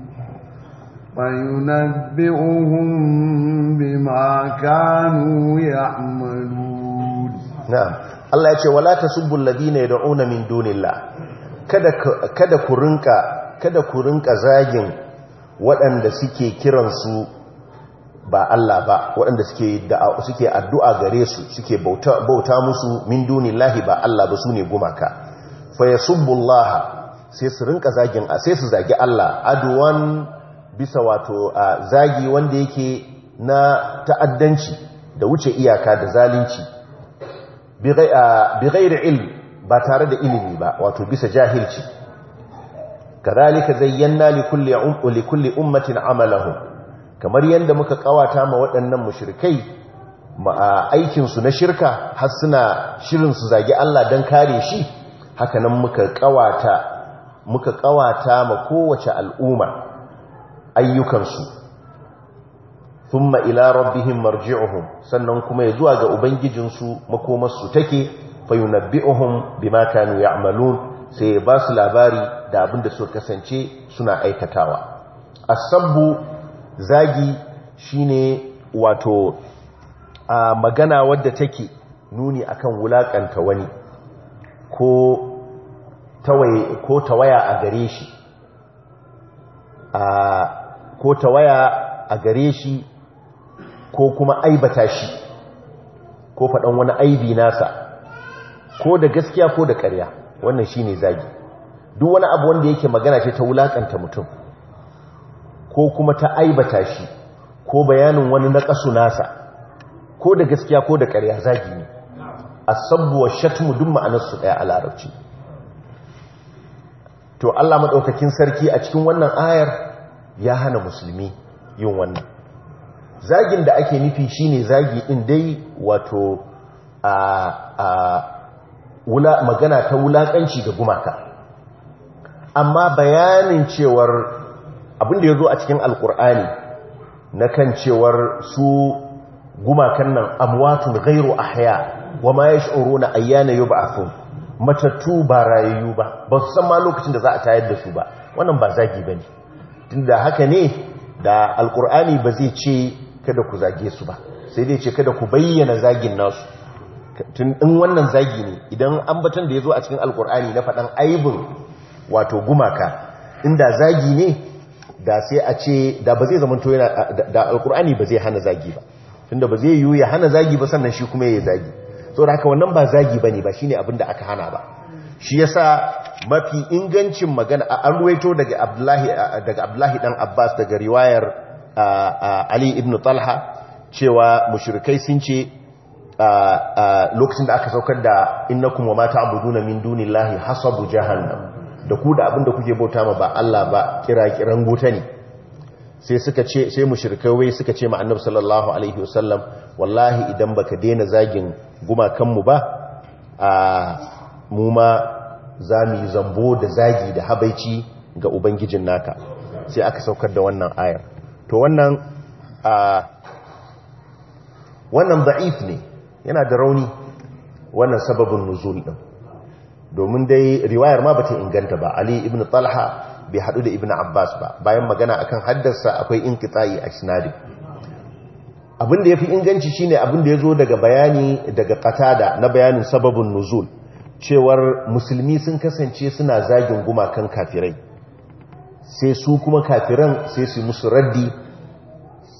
فينبئهم بما كانوا يعملون نعم الله يقول ولا تسبوا الذين يدعون من دون الله kada ku rinka kada ku rinka zagin waɗanda suke kiransu ba Allah ba waɗanda suke suke addu'a gare su suke bauta, bauta musu min dunillahi ba Allah ba sune gumaka fa yasubbullaha sai su rinka zagin sai su zagi Allah aduwan bisa wato zagi wanda yake na ta'addanci da wuce iyaka da zalunci bi ghayri ilm ba tare da ilimi ba wato bisa jahilci kazalika zayyana likulli um, likulli ummatin amalahum kamar yanda muka kawata ma waɗannan mushrikai aikin su na shirka har suna shirin su zagi Allah dan kare shi haka nan muka kawata muka kawata ma kowace al'umma ayyukan su thumma ila rabbihim marji'uhum sannan kuma ya zuwa ga ubangijin su makomar su take fayunabbi'uhum bima kanu ya'malun sai ba su labari da abin da suka kasance suna aikatawa asabbu zagi shine wato a magana wadda take nuni akan wulaƙanta wani ko tawaye ko tawaya a gare shi a ko tawaya a gare shi ko kuma aibata shi ko faɗan wani aibi nasa ko da gaskiya ko da ƙarya wannan shi ne zagi duk wani abu wanda yake magana ce ta wulaƙanta mutum ko kuma ta aibata shi ko bayanin wani na ƙasu nasa ko da gaskiya ko da ƙarya zagi ne a sabuwa shatmu duk ma'anarsu ɗaya daya a larabci to Allah maɗaukakin sarki a cikin wannan ayar ya hana musulmi yin wannan zagin da ake nufi ne zagi ɗin dai wato magana ta wulaƙanci ga gumaka amma bayanin cewar abin da ya zo a cikin alkur'ani na kan cewar su gumakan nan amwatun gairu ahya wa ma yash'uruna ayyana yub'athun matattu ba rayayyu ba ba su san ma lokacin da za a tayar da su ba wannan ba zagi bane tunda haka ne da alkur'ani ba zai ce kada ku zage su ba sai dai ce kada ku bayyana zagin nasu tun in wannan zagi ne idan an ambaton da ya zo a cikin alkur'ani na faɗan aibin wato gumaka inda zagi ne da sai a ce da ba zai zamanto yana da alkur'ani ba zai hana zagi ba tunda ba zai yiwu ya hana zagi ba sannan shi kuma ya zagi so da haka wannan ba zagi ba ne ba shine abin da aka hana ba shi ya sa mafi ingancin magana an ruwaito daga abdullahi daga abdullahi dan abbas daga riwayar ali ibn talha cewa mushrikai sun ce lokacin da aka saukar da kuma wa ma ta'buduna min dunillahi hasabu jahannam da ku da abinda kuke bauta ma ba Allah ba kira kiran gota ne sai suka ce sai wai suka ce ma annabi sallallahu alaihi wasallam wallahi idan baka daina zagin gumakan mu ba a mu ma za mu yi zambo da zagi da habaici ga ubangijin naka sai aka saukar da wannan ayar to wannan a wannan da'if ne yana da rauni wannan sababin nuzul din domin dai riwayar ma bata inganta ba ali ibn talha bai hadu da ibn abbas ba bayan magana akan haddarsa akwai inqita'i a sinadi. abin da yafi inganci shine abin da yazo daga bayani daga qatada na bayanin sababin nuzul cewar musulmi sun kasance suna zagin gumakan kafirai sai su kuma kafiran sai su musu raddi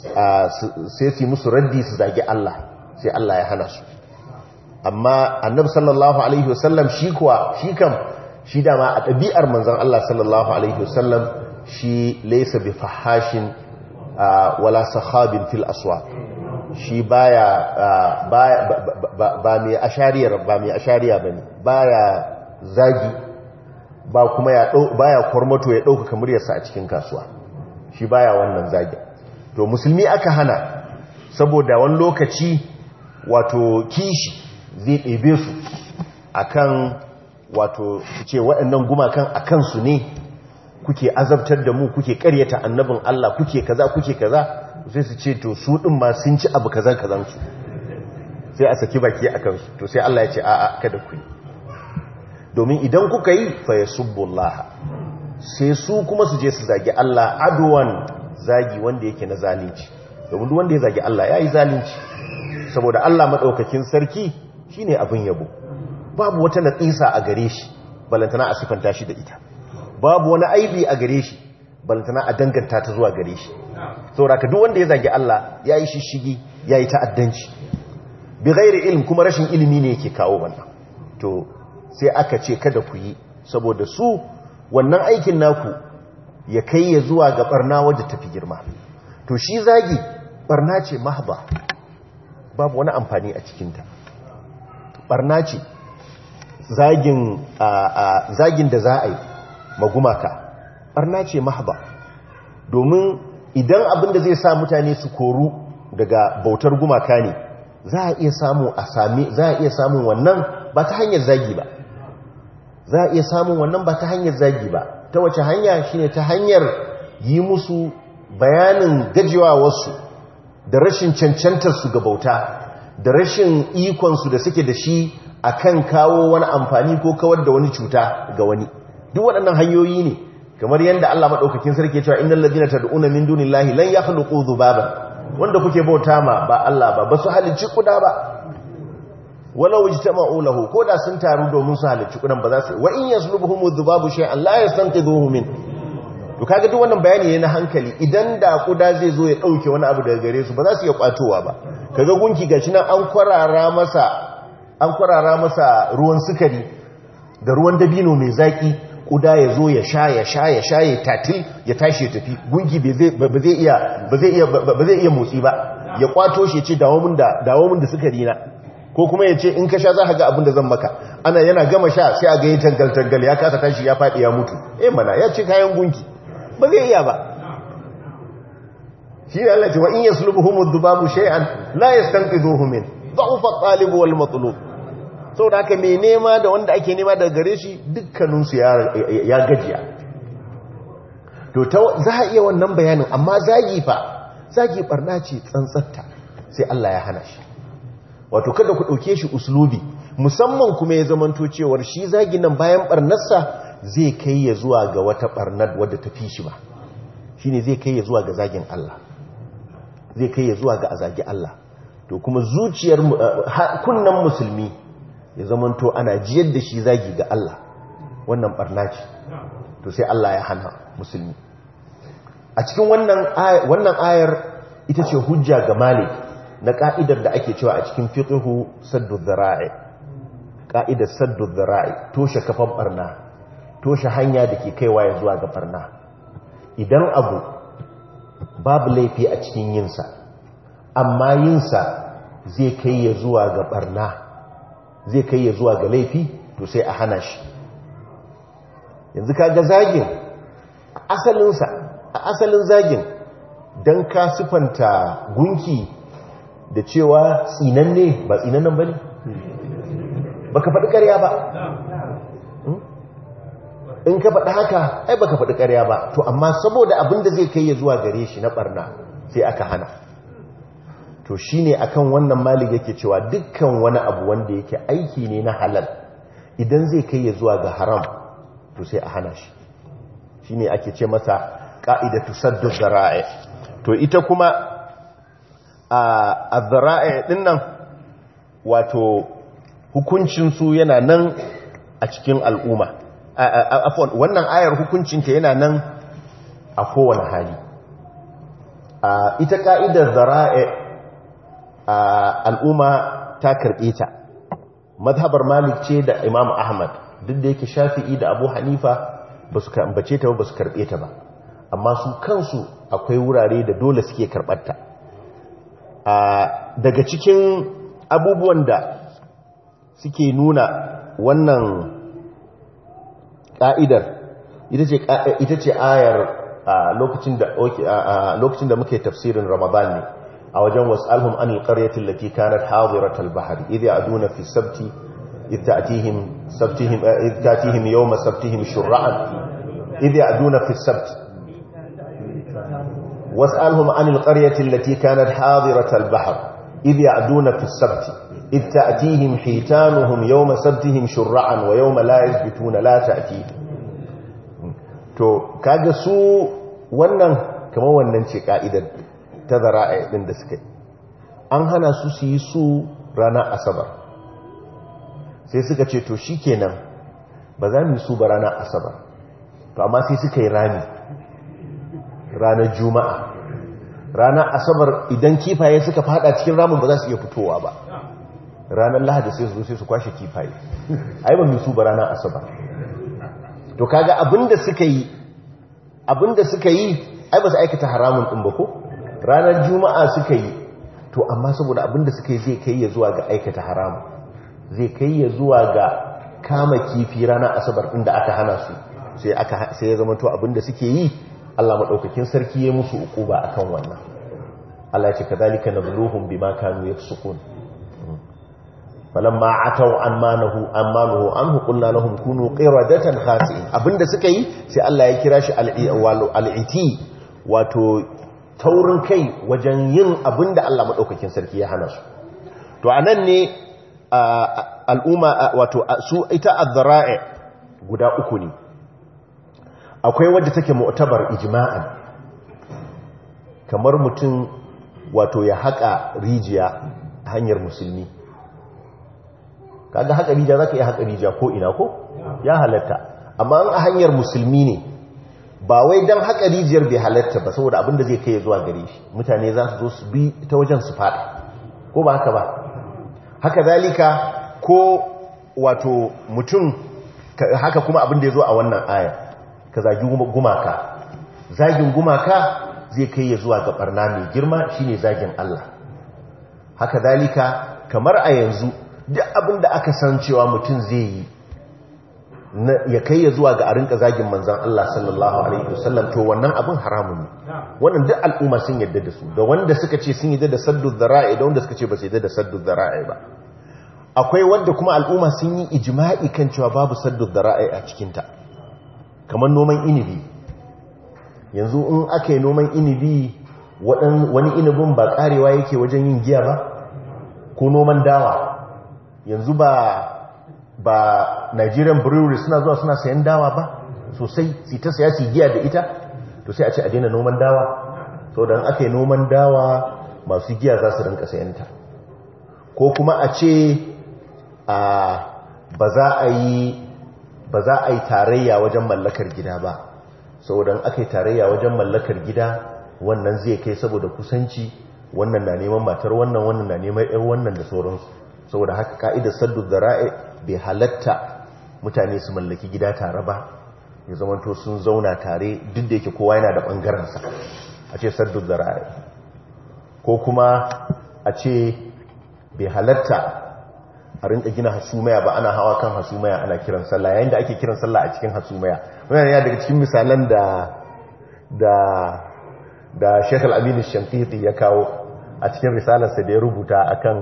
sai su musu raddi su zagi Allah sai Allah ya hana su amma annabi sallallahu alaihi wasallam shi kuwa shi kam shi dama a ɗabi'ar manzon Allah sallallahu alaihi wasallam shi laysa bi fahashin wala sahabin fil aswaq shi baya ba mai ashariyar ba mai ashariya bane baya zagi ba kuma ya baya kormato ya dauka kamar yasa a cikin kasuwa shi baya wannan zagi to musulmi aka hana saboda wani lokaci wato kishi zai ɗebe su a kan wato su ce waɗannan gumakan a kansu ne kuke azabtar da mu kuke karyata annabin Allah kuke kaza kuke kaza sai su ce to su ɗin ma sun ci abu kazan kazan su sai a saki baki a kansu to sai Allah ya ce a'a kada ku yi domin idan kuka yi fa yasubbullah sai su kuma su je su zagi Allah adowan zagi wanda yake na zalunci domin duk wanda ya zagi Allah ya yi zalunci saboda Allah maɗaukakin sarki shi ne abin yabo babu wata natsisa a gare shi balantana a sifanta shi da ita babu wani aibi a gare shi balantana a danganta ta zuwa gare shi saura ka duk wanda ya zagi Allah ya yi shishigi ya yi ta'addanci bi gairi ilm kuma rashin ilimi ne yake kawo wannan to sai aka ce kada ku yi saboda su wannan aikin naku ya kai ya zuwa ga barna wadda tafi girma to shi zagi barna ce mahaba babu wani amfani a cikinta barna ce zagin da za a yi magumaka barna ce mahaba domin idan abin da zai sa mutane su koru daga bautar gumaka ne za a iya samu a sami za a iya samun wannan ba ta hanyar zagi ba za a iya samun wannan ba ta hanyar zagi ba ta wace hanya shine ta hanyar yi musu bayanin gajewa wasu da rashin cancantarsu ga bauta da rashin ikonsu da suke da shi a kan kawo wani amfani ko kawar da wani cuta ga wani duk waɗannan hanyoyi ne kamar yadda Allah maɗaukakin sarki ya cewa innal ladina da'una min dunillahi lan yakhluqu dhubaban wanda kuke bauta ma ba Allah ba ba basu halicci kuda ba walau ijtama'u lahu koda sun taru domin su halicci kudan ba za su wa in yaslubuhum dhubabu shay'an la yastanqidhuhu min to kaga duk wannan bayani ne na hankali idan da kuda zai zo ya dauke wani abu daga gare su ba za su iya kwatowa ba kaga gunki gashi nan an kwarara masa an kwarara masa ruwan sukari da ruwan dabino mai zaki kuda ya zo ya sha ya sha ya sha ya tatil ya tashi ya tafi gunki ba zai iya ba zai iya ba zai iya motsi ba ya kwato shi ce dawo mun da dawo mun da sukari na ko kuma ya ce in ka sha za ka ga abin da zan maka ana yana gama sha sai a ga yi tangal tangal ya kasa tashi ya faɗi ya mutu eh mana ya ce kayan gunki ba zai iya ba shi ne Allah ce wa in yaslubuhum ad-dubabu shay'an la yastanqidhuhu min dha'fa at-talib wal sau da aka mai nema da wanda ake nema da gare shi dukkaninsu ya gajiya to za a iya wannan bayanin amma zagi fa zagi barna ce tsantsatta sai Allah ya hana shi wato kada ku dauke shi uslubi musamman kuma ya zamanto cewar shi zagi nan bayan barnarsa zai kai ya zuwa ga wata barnar wadda ta fi shi ba Shi ne zai kai ya zuwa ga zagin Allah zai kai ya zuwa ga azagi Allah to kuma zuciyar eh, kunnan musulmi ya zamanto ana jiyar da shi zagi ga Allah wannan barna ce to sai Allah ya hana musulmi a cikin wannan ayar ita ce hujja ga malik na ka'idar da ake cewa a cikin fiqhu saddu dhara'i ka'idar saddu dhara'i toshe kafan barna toshe hanya da ke kaiwa ya zuwa ga barna idan abu babu laifi a cikin yinsa amma yinsa zai kai ya zuwa ga barna zai kai ya zuwa ga laifi to sai a hana shi yanzu ka ga zagin asalinsa a asalin zagin don ka sifanta gunki da cewa tsinanne ba nan ba ne ba ka faɗi ƙarya ba in ka faɗi haka ai baka faɗi ƙarya ba to amma saboda abin da zai kai ya zuwa gare shi na ɓarna sai aka hana to shine akan wannan malik yake cewa dukkan wani abu wanda yake aiki ne na halal idan zai kai ya zuwa ga haram to sai a hana shi shine ake ce masa ka'idatu saddu zara'i to ita kuma a zara'a din nan wato hukuncin su yana nan a cikin al'umma wannan ayar hukuncin ta yana nan a kowane hali ita ka'idar zara'i al'umma ta karɓe ta mazhabar malik ce da imam ahmad duk da yake shafi'i da abu hanifa ba su kambace ta ba su karɓe ta ba amma su kansu akwai wurare da dole suke karɓarta daga cikin abubuwan da suke nuna wannan ka'idar ita ce ita ce ayar lokacin da lokacin da muke tafsirin ramadan ne a wajen wasalhum an alqaryatin allati kanat hadirat albahri idh aduna fi sabti idh sabtihim idh yawma sabtihim shur'an idh aduna fi sabti wasalhum عن القرية allati kanat حاضرة البحر إذ يعدون في السبت إذ تأتيهم حيتانهم يوم سبتهم شرعا ويوم لا يثبتون لا تأتيهم to kaga su wannan kamar wannan ce ka'idar ta zara'a din da suka an hana su su yi su ranar asabar sai suka ce to shikenan ba za mu yi su ba ranar asabar to amma sai suka yi rani ranar juma'a ranar asabar idan kifaye suka fada cikin ramin ba za su iya fitowa ba ranar lahadi sai su su kwashe kifaye ai ba musu ba ranar asabar to kaga abinda suka yi abinda suka yi ai ba su aikata haramun din ba ko ranar juma'a suka yi to amma saboda abinda suka yi zai kai ya zuwa ga aikata haramu zai kai ya zuwa ga kama kifi ranar asabar din da aka hana su sai sai ya zama to abinda suke yi Allah maɗaukakin sarki ya musu uku ba akan wannan Allah ce kadhalika nabluhum bima kanu yafsukun falamma atau an manahu an manahu anhu qulna lahum kunu qiradatan khasi'in abinda suka yi sai Allah ya kira shi al'iti wato taurin kai wajen yin abinda Allah madaukakin sarki ya hana su to anan ne al'umma wato su ita az-zara'i guda uku ne akwai wadda take mu'tabar ijma'an kamar mutum wato ya haƙa rijiya hanyar musulmi kaga haƙa rijiya zaka iya haƙa rijiya ko ina ko ya halatta amma a hanyar musulmi ne ba wai dan haƙa rijiyar bai halatta ba saboda abin da zai kai zuwa gare shi mutane za su zo su bi ta wajen su faɗa ko ba haka ba haka zalika ko wato mutum haka kuma abin da ya zo a wannan ayar ka zagi gumaka zagin gumaka zai kai ya zuwa ga barna mai girma shine zagin Allah haka dalika kamar a yanzu duk abin da aka san cewa mutum zai yi ya kai ya zuwa ga arinka zagin manzan Allah sallallahu alaihi wasallam to wannan abin haramun ne wannan duk al'umma sun yadda da su da wanda suka ce sun yadda da saddu dhara'i da wanda suka ce ba su yadda da saddu dhara'i ba akwai wanda kuma al'umma sun yi ijima'i kan cewa babu saddu dhara'i a cikinta. kamar noman inibi yanzu in aka yi noman inibi wani inibin ba karewa yake wajen yin giya ba ko noman dawa yanzu ba ba nigerian brewery suna zuwa suna sayan dawa ba sosai su ta saya si giya da ita to sai a ce a daina noman dawa sau da aka yi noman dawa masu giya za su rinka ta ko kuma a ce ba za a yi ba za a yi tarayya wajen mallakar gida ba saboda aka yi tarayya wajen mallakar gida wannan zai kai saboda kusanci wannan na neman matar wannan wannan na neman yar wannan da sauransu saboda haka ka'idar saddu zara'i bai halatta mutane su mallaki gida tare ba ya zamanto sun zauna tare duk da yake kowa yana da ɓangarensa a ce saddu zara'i ko kuma a ce bai halatta a rinka gina hasumaya ba ana hawa kan hasumaya ana kiran sallah yayin da ake kiran sallah a cikin hasumaya wannan ya daga cikin misalan da da da Sheikh Al-Amin Shantiti ya kawo a cikin risalarsa da ya rubuta akan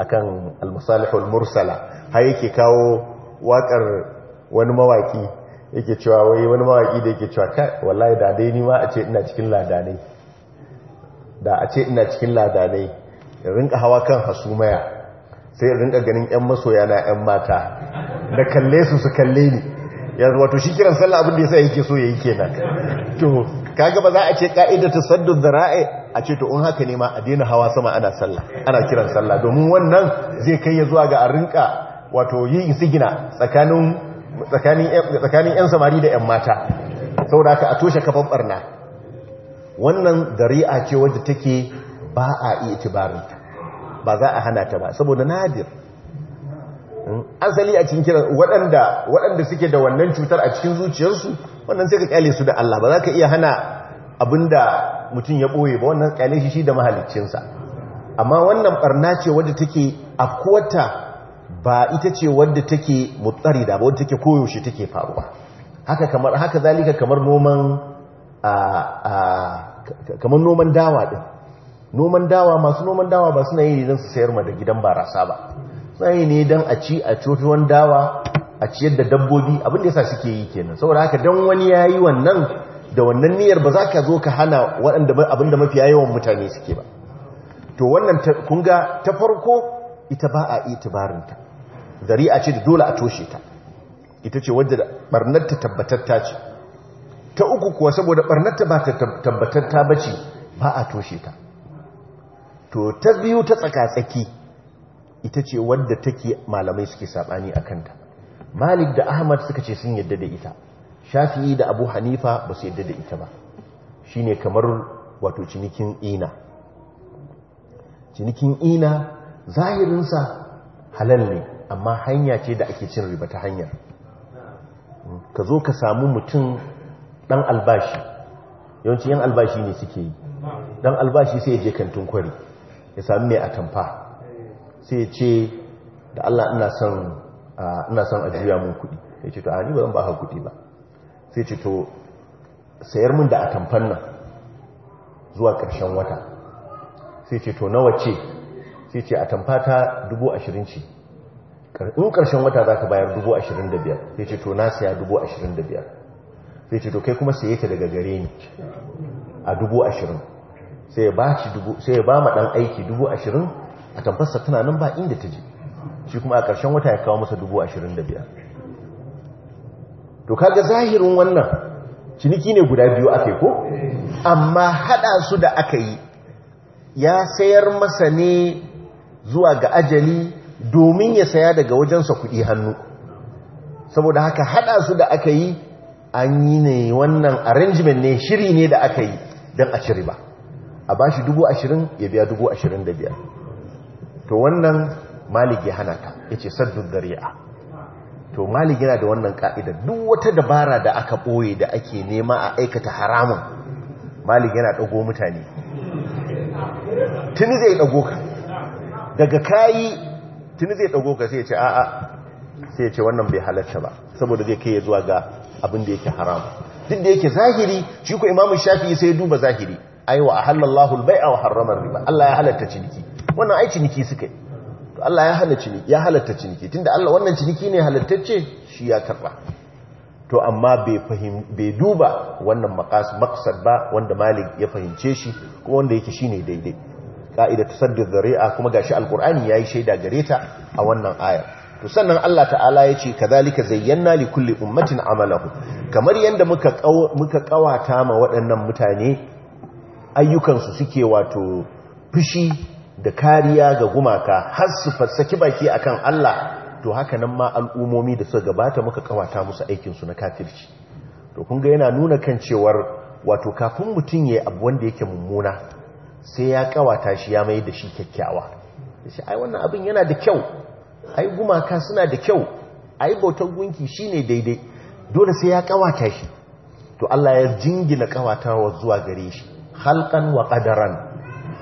akan al-masalih al-mursala har yake kawo wakar wani mawaki yake cewa wai wani mawaki da yake cewa kai wallahi da dai ni ma a ce ina cikin ladanai da a ce ina cikin ladanai rinka hawa kan hasumaya sai rinka ganin yan masoya na yan mata da kalle su su kalle ni yanzu wato shi kiran sallah abin da ya yasa yake so ya yi kenan to kaga ba za a ce saddun da ra'e a ce to in haka ne ma a daina hawa sama ana sallah ana kiran sallah domin wannan zai kai ya zuwa ga a rinka wato yi insigina tsakanin tsakanin yan samari da yan mata saboda haka a toshe kafan barna wannan dari'a ce wadda take ba a iya tibarinta ba za a hana ta ba saboda nadir hmm? asali a cikin kiran waɗanda suke da wannan cutar a cikin zuciyarsu wannan sai ka kyale su da Allah ba za ka iya hana abinda mutum ya ɓoye ba wannan kyale shi shi da mahaliccinsa amma wannan ɓarna ce wadda take kowata ba ita ce wadda take mutsari da ba wadda take koyaushe take faruwa haka kamar haka zalika kamar noman kamar noman dawa din noman dawa masu noman dawa ba suna yi don su sayar ma da gidan barasa ba suna yi ne don a ci a cotuwan dawa a ciyar da dabbobi abinda sa suke yi kenan saboda haka don wani ya yi wannan da wannan niyyar ba za ka zo ka hana waɗanda abinda mafiya yawan mutane suke ba to wannan kunga ta farko ita ba a gari zari'a ce da dole a toshe ta ita ce wadda barnarta tabbatatta ce ta uku kuwa saboda barnarta ba ta tabbatatta ba ce ba a toshe ta to ta biyu ta tsakatsaki ita ce wadda take malamai suke sabani a kanta malik da ahmad suka ce sun yadda da ita Shafi da abu hanifa ba su yadda da ita ba Shi ne kamar wato cinikin ina cinikin ina zahirinsa halal ne amma hanya ce da ake cin riba ta hanyar ka zo ka samu mutum dan albashi yawanci yan albashi ne suke yi dan albashi sai ya je kantin kwari ya sami mai atamfa sai ya ce da Allah ina son a juya mun kuɗi ya ce to a ni ba zan ba ha kuɗi ba sai ce to sayar mun da atamfan nan zuwa ƙarshen wata sai ce to nawa ce sai ce atamfa ta dubu ashirin ce in ƙarshen wata za ka bayar dubu ashirin da biyar sai ce to na saya dubu ashirin da biyar sai ce to kai kuma saye ta daga gare ni a dubu ashirin sai ya ba ma ɗan aiki dubu ashirin a tamfarsa tana nan ba inda ta ji shi kuma a ƙarshen wata ya kawo masa dubu ashirin da biyar to kaga zahirin wannan ciniki ne guda biyu aka yi ko amma haɗa su da aka yi ya sayar masa ne zuwa ga ajali domin ya saya daga wajensa kuɗi hannu saboda haka haɗa su da aka yi an yi ne wannan arrangement ne shiri ne da aka yi don a ci riba a bashi dubu ashirin ya biya dubu ashirin da biyar to wannan maliki ya hana ka ya ce saddun dariya to maliki yana da wannan ka'idar duk wata dabara da aka ɓoye da ake nema a aikata haramun maliki yana ɗago mutane tuni zai ɗago ka daga kayi tuni zai ɗago ka sai ya ce a'a sai ya ce wannan bai halarta ba saboda zai kai ya zuwa ga abin da yake haramu duk da yake zahiri shi ko imamu shafi sai duba zahiri aiwa a halallahu albai'a wa harramar riba Allah ya halatta ciniki wannan ai ciniki suke. to Allah ya halatta ciniki ya halatta ciniki tunda Allah wannan ciniki ne halattacce shi ya karba to amma bai fahim bai duba wannan maqas maqsad ba wanda Malik ya fahimce shi kuma wanda yake shine daidai ka'ida tusaddu dhari'a kuma gashi alqur'ani yayi shaida gare ta a wannan ayar to sannan Allah ta'ala ya ce kazalika zayyana li kulli ummatin amalahu kamar yanda muka muka kawata ma waɗannan mutane ayyukansu suke wato fushi da kariya ga gumaka har su fassaki baki akan Allah to haka nan ma al'umomi da suka gabata muka kawata musu aikinsu na kafirci to kun ga yana nuna kan cewar wato kafin mutum ya yi abu wanda yake mummuna sai ya kawata shi ya mai da shi kyakkyawa da shi ai wannan abin yana da kyau ai gumaka suna da kyau ai bautar gunki shine daidai dole sai ya kawata shi to Allah ya jingina kawatawa zuwa gare shi halkan wa ƙadaran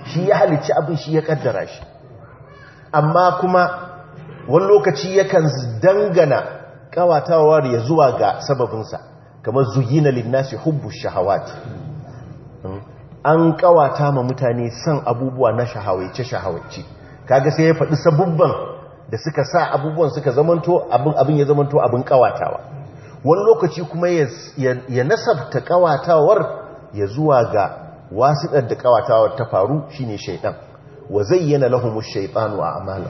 shi ya halicci abin shi ya ƙaddara shi amma kuma wani lokaci yakan dangana ƙawatawar ya zuwa ga sababinsa kamar zuyina linnasi hubbu shahawat an ƙawata ma mutane son abubuwa na shahawaice-shahawaice kaga sai ya faɗi sabubban da suka sa abubuwan suka zamanto abin ya zamanto abin ƙawatawa wani lokaci kuma ya nasabta ƙawatawar ya zuwa ga wasiɗar da ƙawatawa ta faru shine shaiɗan wa zayyana lahumu shaiɗanu a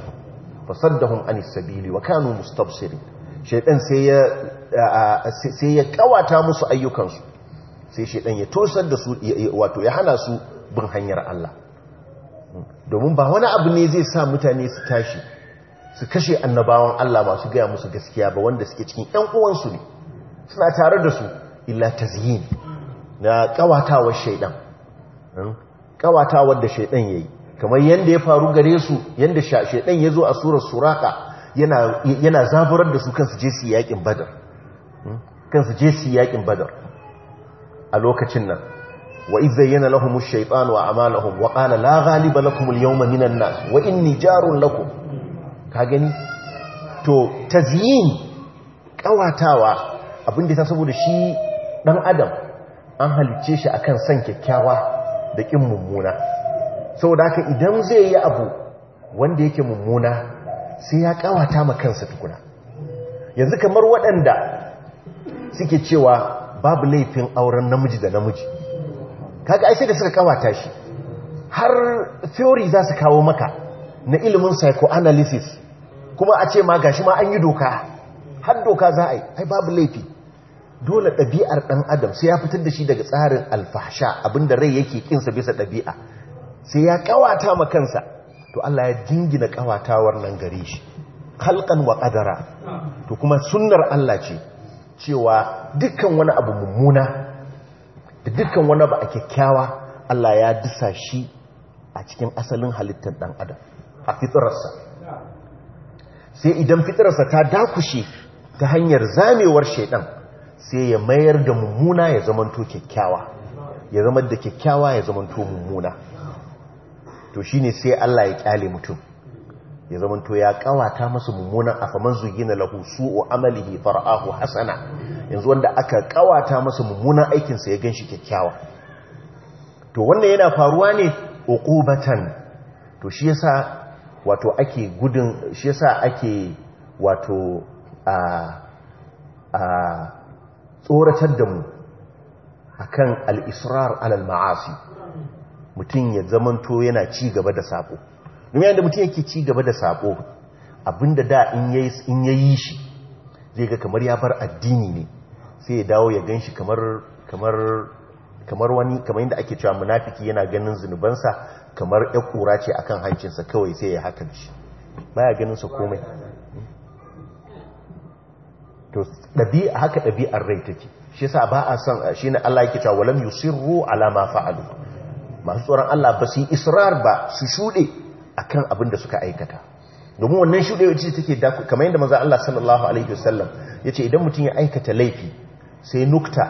Fasar da anis sabili wa kanu mustabsirin shaidan sai ya ƙawata musu ayyukansu sai shaidan ya tosar da su wato ya hana su bin hanyar Allah domin ba wani abu ne zai sa mutane su tashi su kashe annabawan Allah masu gaya musu gaskiya ba wanda suke cikin 'yan uwansu ne suna tare da su illa ta tazyin na ƙawatawar shaidan Hmm? kawata wadda shaidan yi. kamar yadda ya faru gare su yadda shaidan ya zo a surar suraka yana yana da su kansu je su yakin badar hmm? kansu je su yakin badar a lokacin nan wa idh zayyana lahum ash-shaytanu a'malahum wa qala la ghaliba lakum yawma minan nas wa inni jarun lakum ka gani to tazyin kawatawa abinda ta saboda shi dan adam an halicce shi akan san kyakkyawa da ƙin mummuna sau da aka idan zai yi abu wanda yake mummuna sai ya kawata ma kansa tukuna yanzu kamar waɗanda suke cewa babu laifin auren namiji da namiji kaga ai sai da suka kawata shi har theory za su kawo maka na ilimin psychoanalysis kuma a ce ma gashi ma an yi doka har doka za a yi ai babu laifi dole ɗabi'ar ɗan adam sai ya fitar da shi daga tsarin alfasha, abinda rai yake ƙinsa bisa ɗabi'a sai ya ƙawata ma kansa to Allah ya jingina ƙawatawar nan gare shi halkan wa ƙadara to kuma sunnar Allah ce cewa dukkan wani abu mummuna da dukkan wani abu a kyakkyawa Allah ya disa shi a cikin asalin halittar ɗan adam a fitararsa sai idan fitararsa ta dakushe ta hanyar zamewar shaidan sai ya mayar da mummuna ya zamanto kyakkyawa ya zama da kyakkyawa ya zamanto mummuna to shine sai Allah ya kyale mutum ya zamanto ya kawata masa mummunan afaman zugina lahu su'u amalihi fara'ahu hasana yanzu wanda aka kawata masa mummunan aikinsa ya ganshi kyakkyawa to wannan yana faruwa ne uqubatan to shi yasa wato ake gudun shi yasa ake wato a a tsoratar da mu a kan israr alal ma'asi mutum ya zamanto yana ci gaba da saƙo domin yadda mutum yake ci gaba da saƙo, abinda da in ya yi shi zai ga kamar ya bar addini ne sai ya dawo ya gan kamar kamar wani kamar yadda ake cewa munafiki yana ganin zunubansa kamar ya kura ce a kan hancinsa kawai sai ya hakan shi baya ganin sa komai to ɗabi'a haka ɗabi'ar rai take shi yasa ba a san shine Allah yake cewa walam yusirru ala ma fa'alu masu tsoron Allah ba su israr ba su shude akan abin da suka aikata domin wannan shude ce take kamar yadda manzo Allah sallallahu alaihi wasallam yace idan mutum ya aikata laifi sai nukta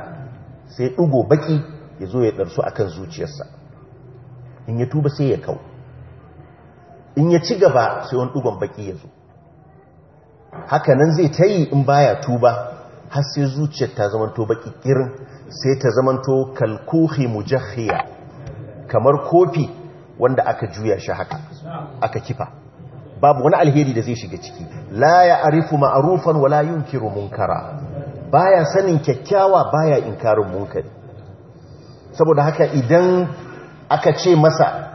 sai dugo baki yazo ya darsu akan zuciyarsa in ya tuba sai ya kau in ya ci gaba sai wani dugon baki zo. haka nan zai ta yi in baya tuba har sai zuciyar ta zamanto baki kirin sai ta zamanto kalkuhi mujahhiya kamar kofi wanda aka juya shi haka aka kifa babu wani alheri da zai shiga ciki la ya arifu ma'arufan wala yunkiru munkara baya sanin kyakkyawa baya inkarin munkari saboda haka idan aka ce masa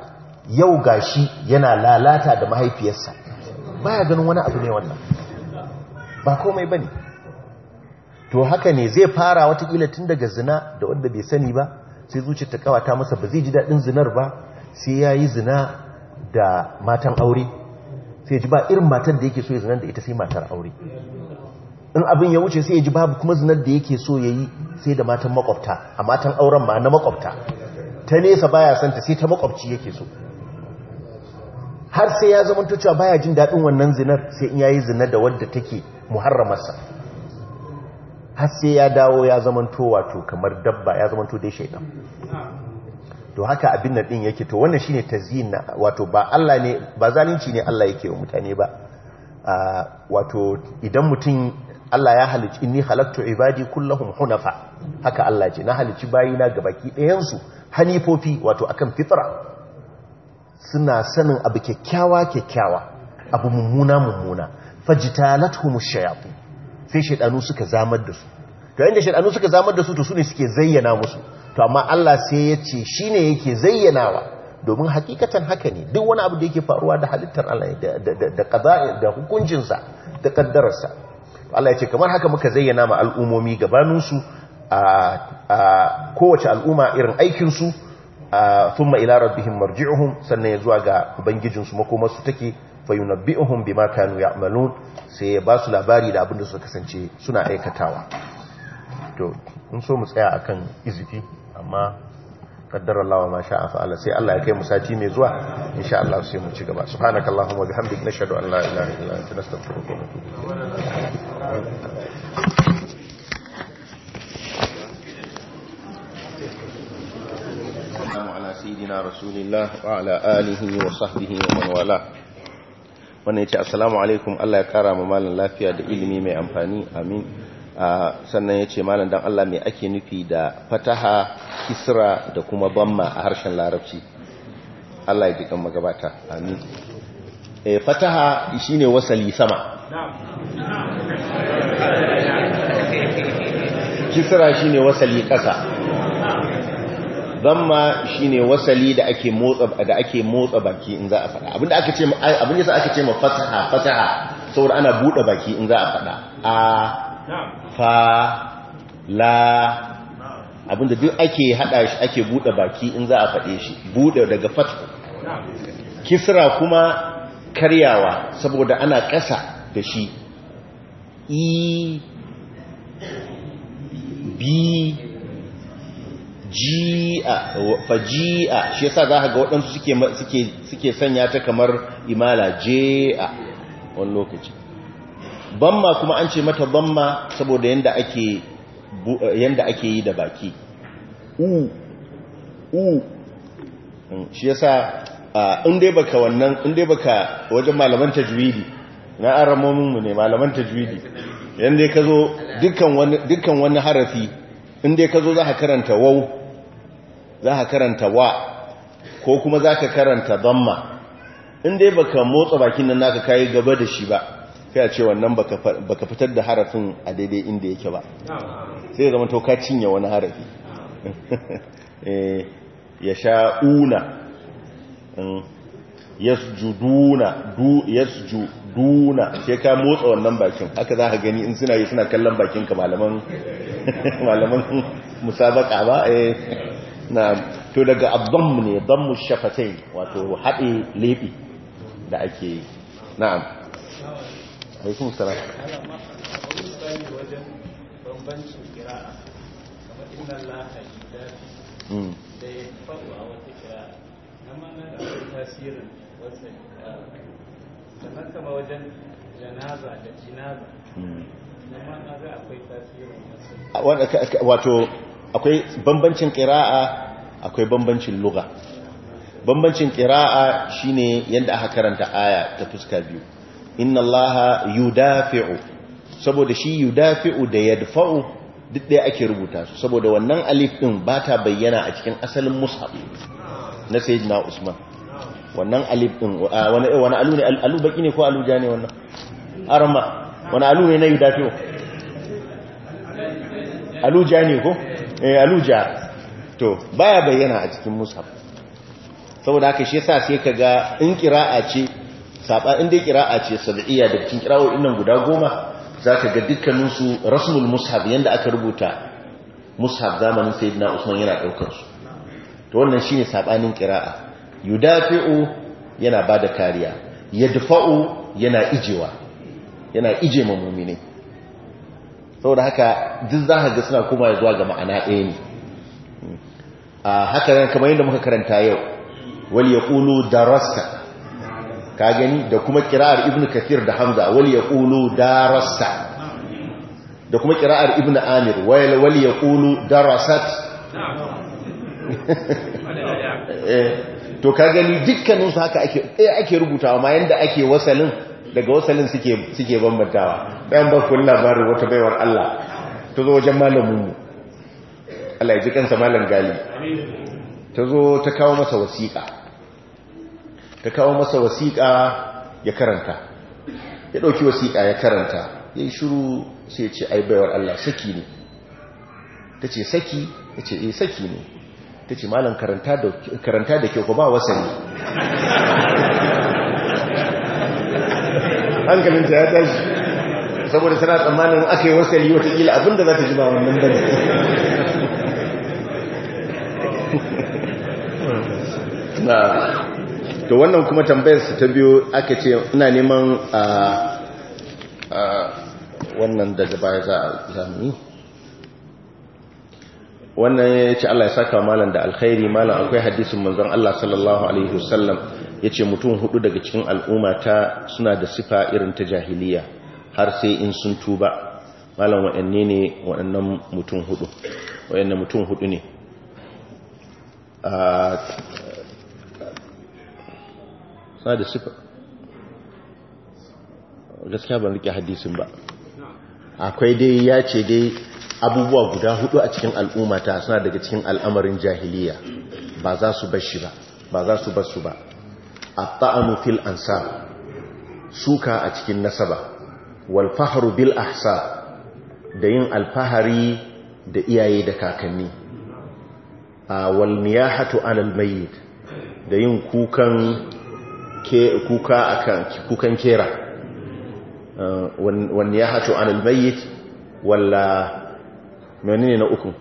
yau gashi yana lalata da mahaifiyarsa baya ganin wani abu ne wannan ba komai ba ne, to haka ne zai fara watakila tun daga zina da wadda bai sani ba sai zuci ta kawata masa ba zai ji daɗin zinar ba sai ya yi zina da matan aure sai ji ba irin matar da yake so ya zinar da ita sai matar aure in abin ya wuce sai ya ji babu kuma zinar da yake so ya yi sai da matan makwabta a matan auren ma na makwabta ta nesa baya santa sai ta makwabci yake so har sai ya zama cewa baya jin daɗin wannan zinar sai in ya yi zina da wadda take muharramarsa har sai ya dawo ya zamanto wato kamar dabba ya zamanto dai shaidan to haka abin nan din yake to wannan shine tazyin wato ba Allah ne ba zalunci ne Allah yake wa mutane ba wato idan mutum Allah ya halici inni khalaqtu ibadi kullahum hunafa haka Allah ce na halici bayina gabaki ɗayan su hanifofi wato akan fitra suna sanin abu kyakkyawa kyakkyawa abu mummuna mummuna fajitalathum ash-shayatin sai shaydanu suka zamar da su to inda shaydanu suka zamar da su to sune suke zayyana musu to amma Allah sai ya ce shine yake zayyanawa domin hakikatan haka ne duk wani abu da yake faruwa da halittar Allah da qada'i da hukuncinsa da ƙaddararsa. Allah ya ce kamar haka muka zayyana ma al'umomi gabaninsu a kowace al'umma irin aikin aikinsu thumma ila rabbihim marji'uhum sannan ya zuwa ga ubangijinsu su take fayunabbi'uhum bima kanu ya'malun sai ya ba su labari da abin da suka kasance suna aikatawa to in so mu tsaya akan izifi amma qaddara Allah wa ma sha'a fa'ala sai Allah ya kai mu sati mai zuwa insha sai mu ci gaba subhanakallahumma wa bihamdika nashhadu an la ilaha illa anta nastaghfiruka wa natubu ilayk سيدنا رسول الله وعلى آله وصحبه ومن والاه wannan ya ce assalamu alaikum Allah ya kara ma malam lafiya da ilimi mai amfani amin sannan ya ce malam dan Allah mai ake nufi da fataha kisra da kuma bamma a harshen larabci Allah ya ji kan magabata amin e, Fataha shi ne wasali sama kisra ne wasali kasa zamma ne wasali da ake motsa baki in za a faɗa abinda aka ce aka ce ma fataha fataha saboda ana buɗe baki in za a faɗa a fa la abinda duk ake hada shi ake buɗe baki in za a faɗe shi Buɗe daga fata kisra kuma karyawa saboda ana ƙasa da shi i b faji'a shi yasa za ka ga waɗansu suke sanya ta kamar imala je'a wani lokaci bamma kuma an ce mata bamma saboda yanda ake yi da baki u u hmm, shi yasa inda baka wannan inda baka wajen malaman tajwidi na mu ne malaman tajwidi yanda ka zo dukkan wani harafi inda ka zo za ka karanta wau za ka karanta wa ko kuma za ka karanta zamma inda ba ka motsa bakin nan naka kayi gaba da shi ba sai a ce wannan ba ka fitar da harafin a daidai inda yake ba sai zama to ka cinye wani harafi eh, ya sha'una mm, yasjuduna du sai ka motsa wannan bakin haka za ka gani in suna yi suna kallon bakin malaman malaman musabaka ba eh. na'am to daga mu ne mu shafatai wato haɗe leɓe da ake yi na'am alaikum salam sannan kama wajen janaza da jinaza na akwai tasirin akwai bambancin ƙira'a akwai bambancin luga bambancin ƙira'a shine yadda aka karanta aya ta fuska biyu inna allaha yudafi'u saboda shi yudafi'u da yadfa'u duk da ake rubuta su saboda wannan alif din ba ta bayyana a cikin asalin mushaf na sayyidina usman wannan alif din wani eh, wani alu ne alu baki ne ko alu ja ne wannan arma wani alu ne na yudafi'u alu ja ne ko Eh, aluja to baya bayyana a cikin Musa saboda haka shi yasa sai kaga in qira'a ce saba in dai kira'a ce sab'iyya da cikin kira'o nan guda goma zaka ga dukkanin su rasmul mushaf yanda aka rubuta mushaf zamanin sayyidina Usman yana daukar su to wannan shine sabanin qira'a yudafi'u yana bada kariya yadfa'u yana ijewa yana ije ma saboda haka duk za ka ga suna koma zuwa ga ma'ana ɗaya ne a haka nan kamar yadda muka karanta yau wal da rasta ka gani da kuma kira'ar ibn kathir da hamza wal ya ƙulu da kuma kira'ar ibn amir wal ƙulu da darasat eh, to ka gani dukkanin haka ake eh, ake rubutawa ma yadda ake wasalin daga wasalin suke suke bambantawa ɗan ba kun labarin wata baiwar Allah ta zo wajen malamu Allah ya ji kansa malam gali ta zo ta kawo masa wasiƙa ta kawo masa wasiƙa ya karanta ya ɗauki wasiƙa ya karanta ya yi shuru sai ce ai baiwar Allah saki ne ta ce saki ya ce e saki ne ta ce malam karanta da ke ku ba wasani hankalinta ya tashi saboda tana tsammanin aka yi wasali watakila abinda za ta ji ba wannan bane to wannan kuma tambayar su ta biyu aka ce ina neman a wannan daga baya za a zami wannan ya ce Allah ya saka malam da alkhairi malam akwai hadisin manzon Allah sallallahu alaihi wasallam yace mutum hudu daga cikin al'umma ta suna da sifa irin ta jahiliya har sai in sun tuba malam waɗanne ne waɗannan mutum hudu waɗanne mutum hudu ne a da sifa gaskiya ban rike hadisin ba akwai dai ya ce dai abubuwa guda hudu a cikin al'ummata suna daga cikin al'amarin jahiliya ba za su bashi ba ba za su basu ba a ta'anu fil ansar suka a cikin nasaba walfaharu bil ahsa da yin alfahari da iyaye da kakanni a walmiyahatu alal mayyit da yin kukan kuka akan kukan kera Wani ya walmiyahatu alal mayyit walla ne na uku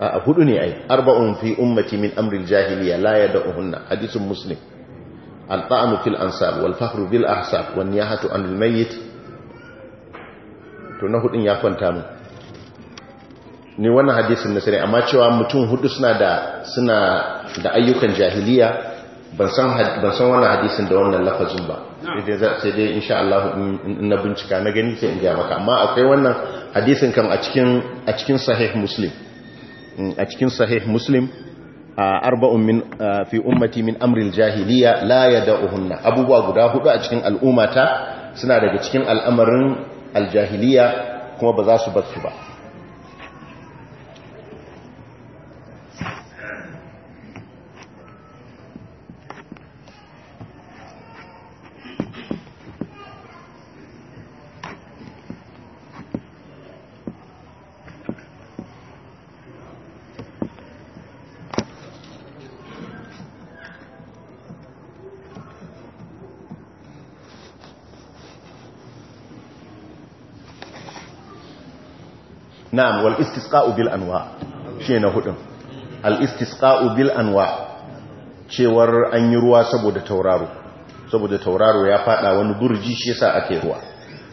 a hudu ne ai arba'un fi ummati min amril jahiliya la yad'uhunna hadithun muslim fil bil الطعن في الأنساب والفخر بالأحساب والنياحة To na تنهد ya kwanta mu. ni wannan hadisin na sani amma cewa mutum hudu suna da suna da ayyukan jahiliya ban san ban san wannan hadisin da wannan lafazin ba sai dai insha Allah in na bincika na gani sai in ga maka amma akwai wannan hadisin kan a cikin a cikin sahih muslim hmm, a cikin sahih muslim arba'un min fi ummati min amril jahiliya la yada'uhunna abubuwa guda hudu a cikin al'ummata suna daga cikin al'amarin aljahiliya kuma ba za su bar su ba na'am wal istisqa'u bil anwa shi na hudun al istisqa'u bil anwa cewar an yi ruwa saboda tauraro saboda tauraro ya fada wani burji shi yasa ake ruwa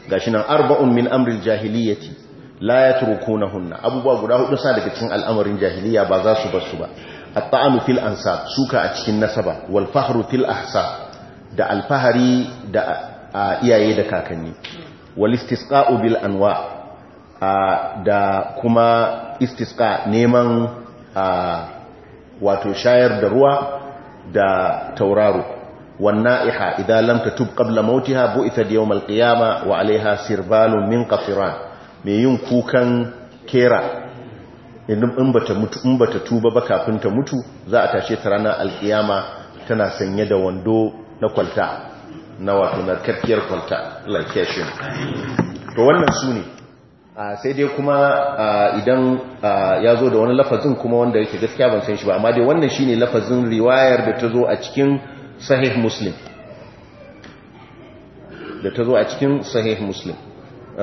gashi nan arba'un min amril jahiliyyati la yatrukunahunna abubuwa guda hudu sa daga cikin al'amarin jahiliya ba za su bar su ba at fil ansab suka a cikin nasaba wal fahru fil ahsab da alfahari da iyaye da kakanni wal istisqa'u bil anwa da kuma istiska neman wato shayar da ruwa da tauraro wanna'iha idan lam tub qabla mautiha bu'itha yawm al-qiyama wa alaiha sirbalu min qatiran me yin kukan kera in bata mutu in bata tuba ba kafin ta mutu za a tashe ta ranar alqiyama tana sanye da wando na kwalta na wato kafiyar kwalta like to wannan sune sai dai kuma idan ya zo da wani lafazin kuma wanda yake gaskiya ban san shi ba amma dai wannan shine lafazin riwayar da ta zo a cikin sahih muslim da ta zo a cikin sahih muslim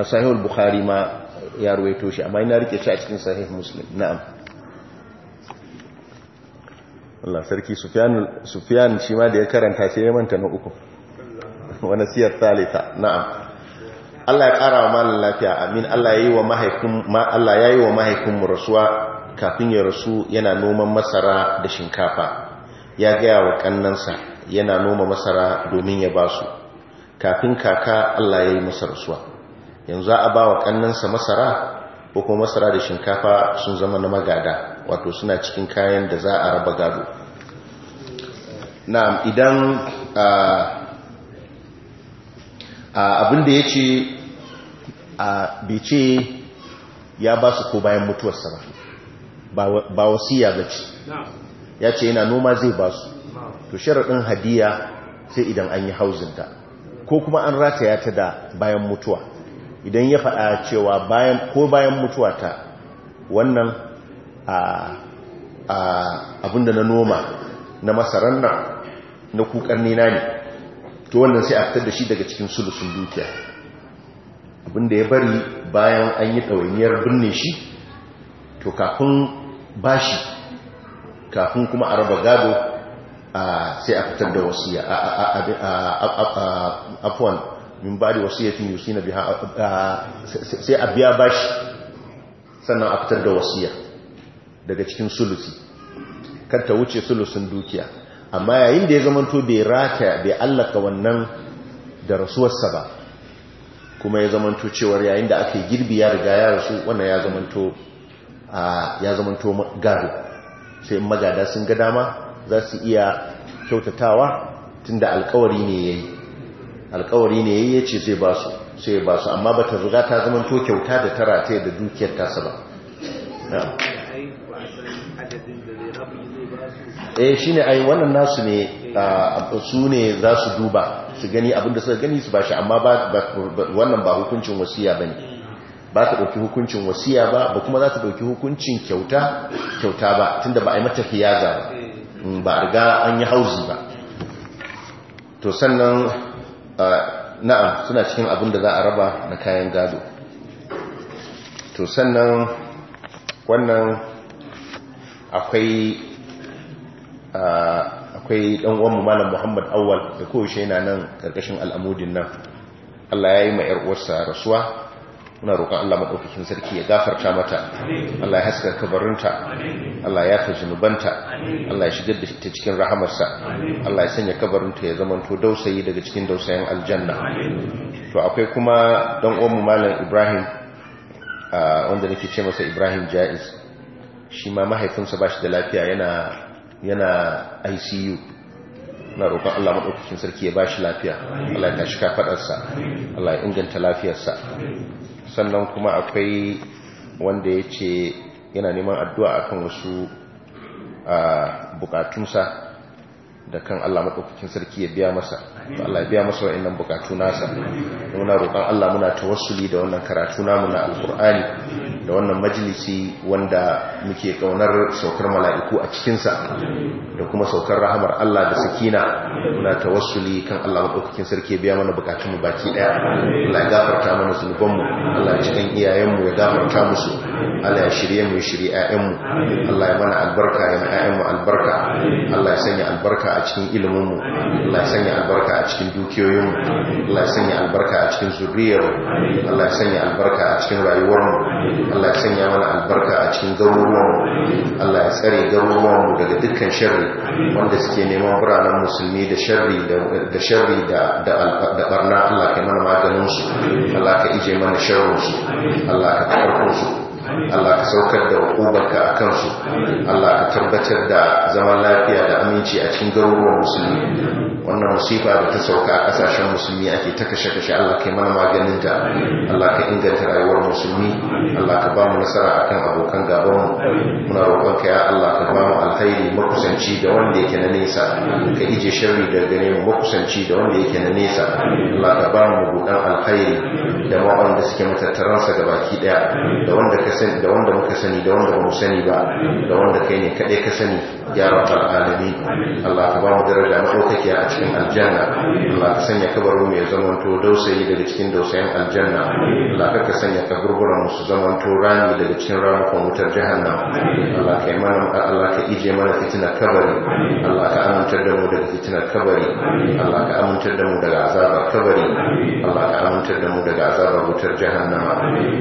sahih bukhari ma ya ruwaito shi amma ina rike shi a cikin sahih muslim na'am Allah sarki sufyan sufyan shi ma da ya karanta sai ya manta na uku wannan siyar talita na'am Allah ya ƙara wa malin lafiya amin Allah ya yi wa mahaifin Allah ya yi wa mu rasuwa kafin ya rasu yana noman masara da shinkafa ya gaya wa kannansa yana noma masara domin ya ba su kafin kaka Allah ya yi masa rasuwa yanzu za a ba wa kannansa masara ko kuma masara da shinkafa sun zama na magada wato suna cikin kayan da za a raba gado Na'am idan ah, abinda ya ce bai ce ya ba su ko bayan mutuwarsa ba ba wasiya ya gaci. ya ce yana noma zai ba su to ɗin hadiya sai idan an yi hauzinta ko kuma an rataya ta da bayan mutuwa idan ya faɗa cewa ko bayan mutuwa ta wannan abinda na noma na masarar na kukar nina ne to wannan sai a fitar da shi daga cikin sulusun dukiya abinda ya bari bayan an yi ɗawainiyar binne shi to kafin bashi kafin kuma a raba gado sai a fitar da wasu afuwan min ba da wasiyatin yusi na biya sai a biya bashi sannan a fitar da wasu daga cikin sulusi kar ta wuce sulusun dukiya amma yayin da ya zamanto bai rata bai allaka wannan da rasuwarsa ba kuma ya zamanto cewar yayin da aka yi girbi ya riga ya rasu wannan ya zamanto ya zamanto gado sai in magada sun ga dama za su iya kyautatawa tunda alkawari ne yayi alkawari ne yayi yace zai ba su sai ba su amma bata zuga ta zamanto kyauta da ta da dukiyar tasa ba eh shine ai wannan nasu ne su ne za su duba su gani abinda suka gani su bashi amma wannan ba hukuncin wasiya bane ba ta dauki hukuncin wasiya ba ba kuma za ta dauki hukuncin kyauta kyauta ba tunda ba a yi mata hiyaza ba mm, ba a riga an yi hauzi ba to sannan na'am suna cikin abin da za a raba na kayan gado to sannan wannan akwai Ah, akwai ɗan Mallam malam muhammad Awwal da kowace yana nan ƙarƙashin al'amudin nan allah ya yi ma 'yar uwarsa rasuwa muna roƙon Allah maɗaukakin sarki ya gafarta mata Allah ya haska kabarinta Allah ya fi zunubanta Allah ya shigar da ta cikin rahamarsa Allah ya sanya kabarinta ya zamanto dausayi daga cikin dausayin aljanna to akwai kuma ɗan uwan malam Ibrahim ah, wanda nake ce masa Ibrahim Jaiz shi ma mahaifinsa ba shi da lafiya yana yana ICU na roƙon Allah maɗaukacin sarki ya ba shi lafiya Allah ya tashi kafaɗarsa Allah ya inganta lafiyarsa sannan kuma akwai wanda ya ce yana neman addu'a akan wasu ah, bukatunsa da kan Allah maɗaukacin sarki ya biya masa to Allah biya masa wa'annan bukatu nasa muna roƙon Allah muna tawassuli da wannan karatu namu na alqur'ani da wannan majalisi wanda muke kaunar saukar mala'iku a cikin sa da kuma saukar rahamar Allah da sakina muna tawassuli kan Allah madaukakin sarki biya mana bukatun mu baki daya Allah ya gafarta mana zunuban mu Allah cikin iyayen mu ya gafarta musu Allah ya shirye mu ya shirye mu Allah ya mana albarka ya ƴaƴan mu albarka Allah ya sanya albarka a cikin ilimin mu Allah ya sanya albarka albarka a cikin dukiyoyin Allah ya sanya albarka a cikin zuriyar Allah ya sanya albarka a cikin rayuwarmu Allah ya sanya mana albarka a cikin garuruwanmu Allah ya tsare garuruwan mu daga dukkan sharri wanda suke neman biranen musulmi da sharri da sharri da da barna Allah ka mana maganin su Allah ka ije mana sharrin su Allah ka su Allah ka saukar da hukubarka a kansu Allah ka tabbatar da zaman lafiya da aminci a cikin garuruwan musulmi wannan musifa da ta sauka a kasashen musulmi ake ta kashe-kashe Allah ka yi mana maganin ta Allah ka inganta rayuwar musulmi Allah ka ba mu nasara akan abokan gabanmu muna ka ya Allah ka ba mu alkhairi makusanci da wanda yake na nesa ka ije sharri da gare mu makusanci da wanda yake na nesa Allah ka ba mu buɗan alkhairi da da suke matattaransa baki ɗaya da wanda ka sani da wanda muka sani da wanda ba sani ba da wanda kai ne kaɗai ka sani ya rabbal alamin Allah ka ba mu daraja madaukakiya a cikin aljanna Allah ka sanya kabarin mu ya to dausayi daga cikin dausayin aljanna Allah ka ka sanya gurgura mu su to rami daga cikin ramukan wutar jahannam Allah ka yi mana Allah ka ije mana fitina kabari Allah ka amintar da mu daga fitina kabari Allah ka amintar da mu daga azabar kabari Allah ka amintar da mu daga azabar wutar jahannama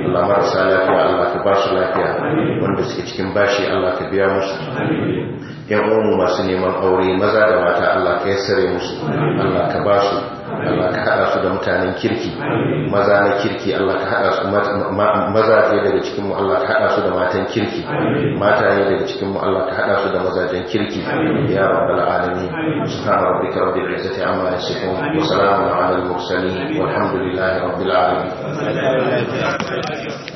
Allah marasa lafiya Allah ka basu lafiya wanda suke cikin bashi Allah ka biya musu yan umu masu neman aure maza da mata Allah ka yassare musu Allah ka ba su Allah ka haɗa su da mutanen kirki maza na kirki Allah ka haɗa su maza ne daga cikin mu Allah ka haɗa su da matan kirki mata ne daga cikin mu Allah ka haɗa su da mazajen kirki ya rabbal alamin subhana rabbika rabbil izzati amma yasifun wa salamun ala al mursalin walhamdulillahi rabbil alamin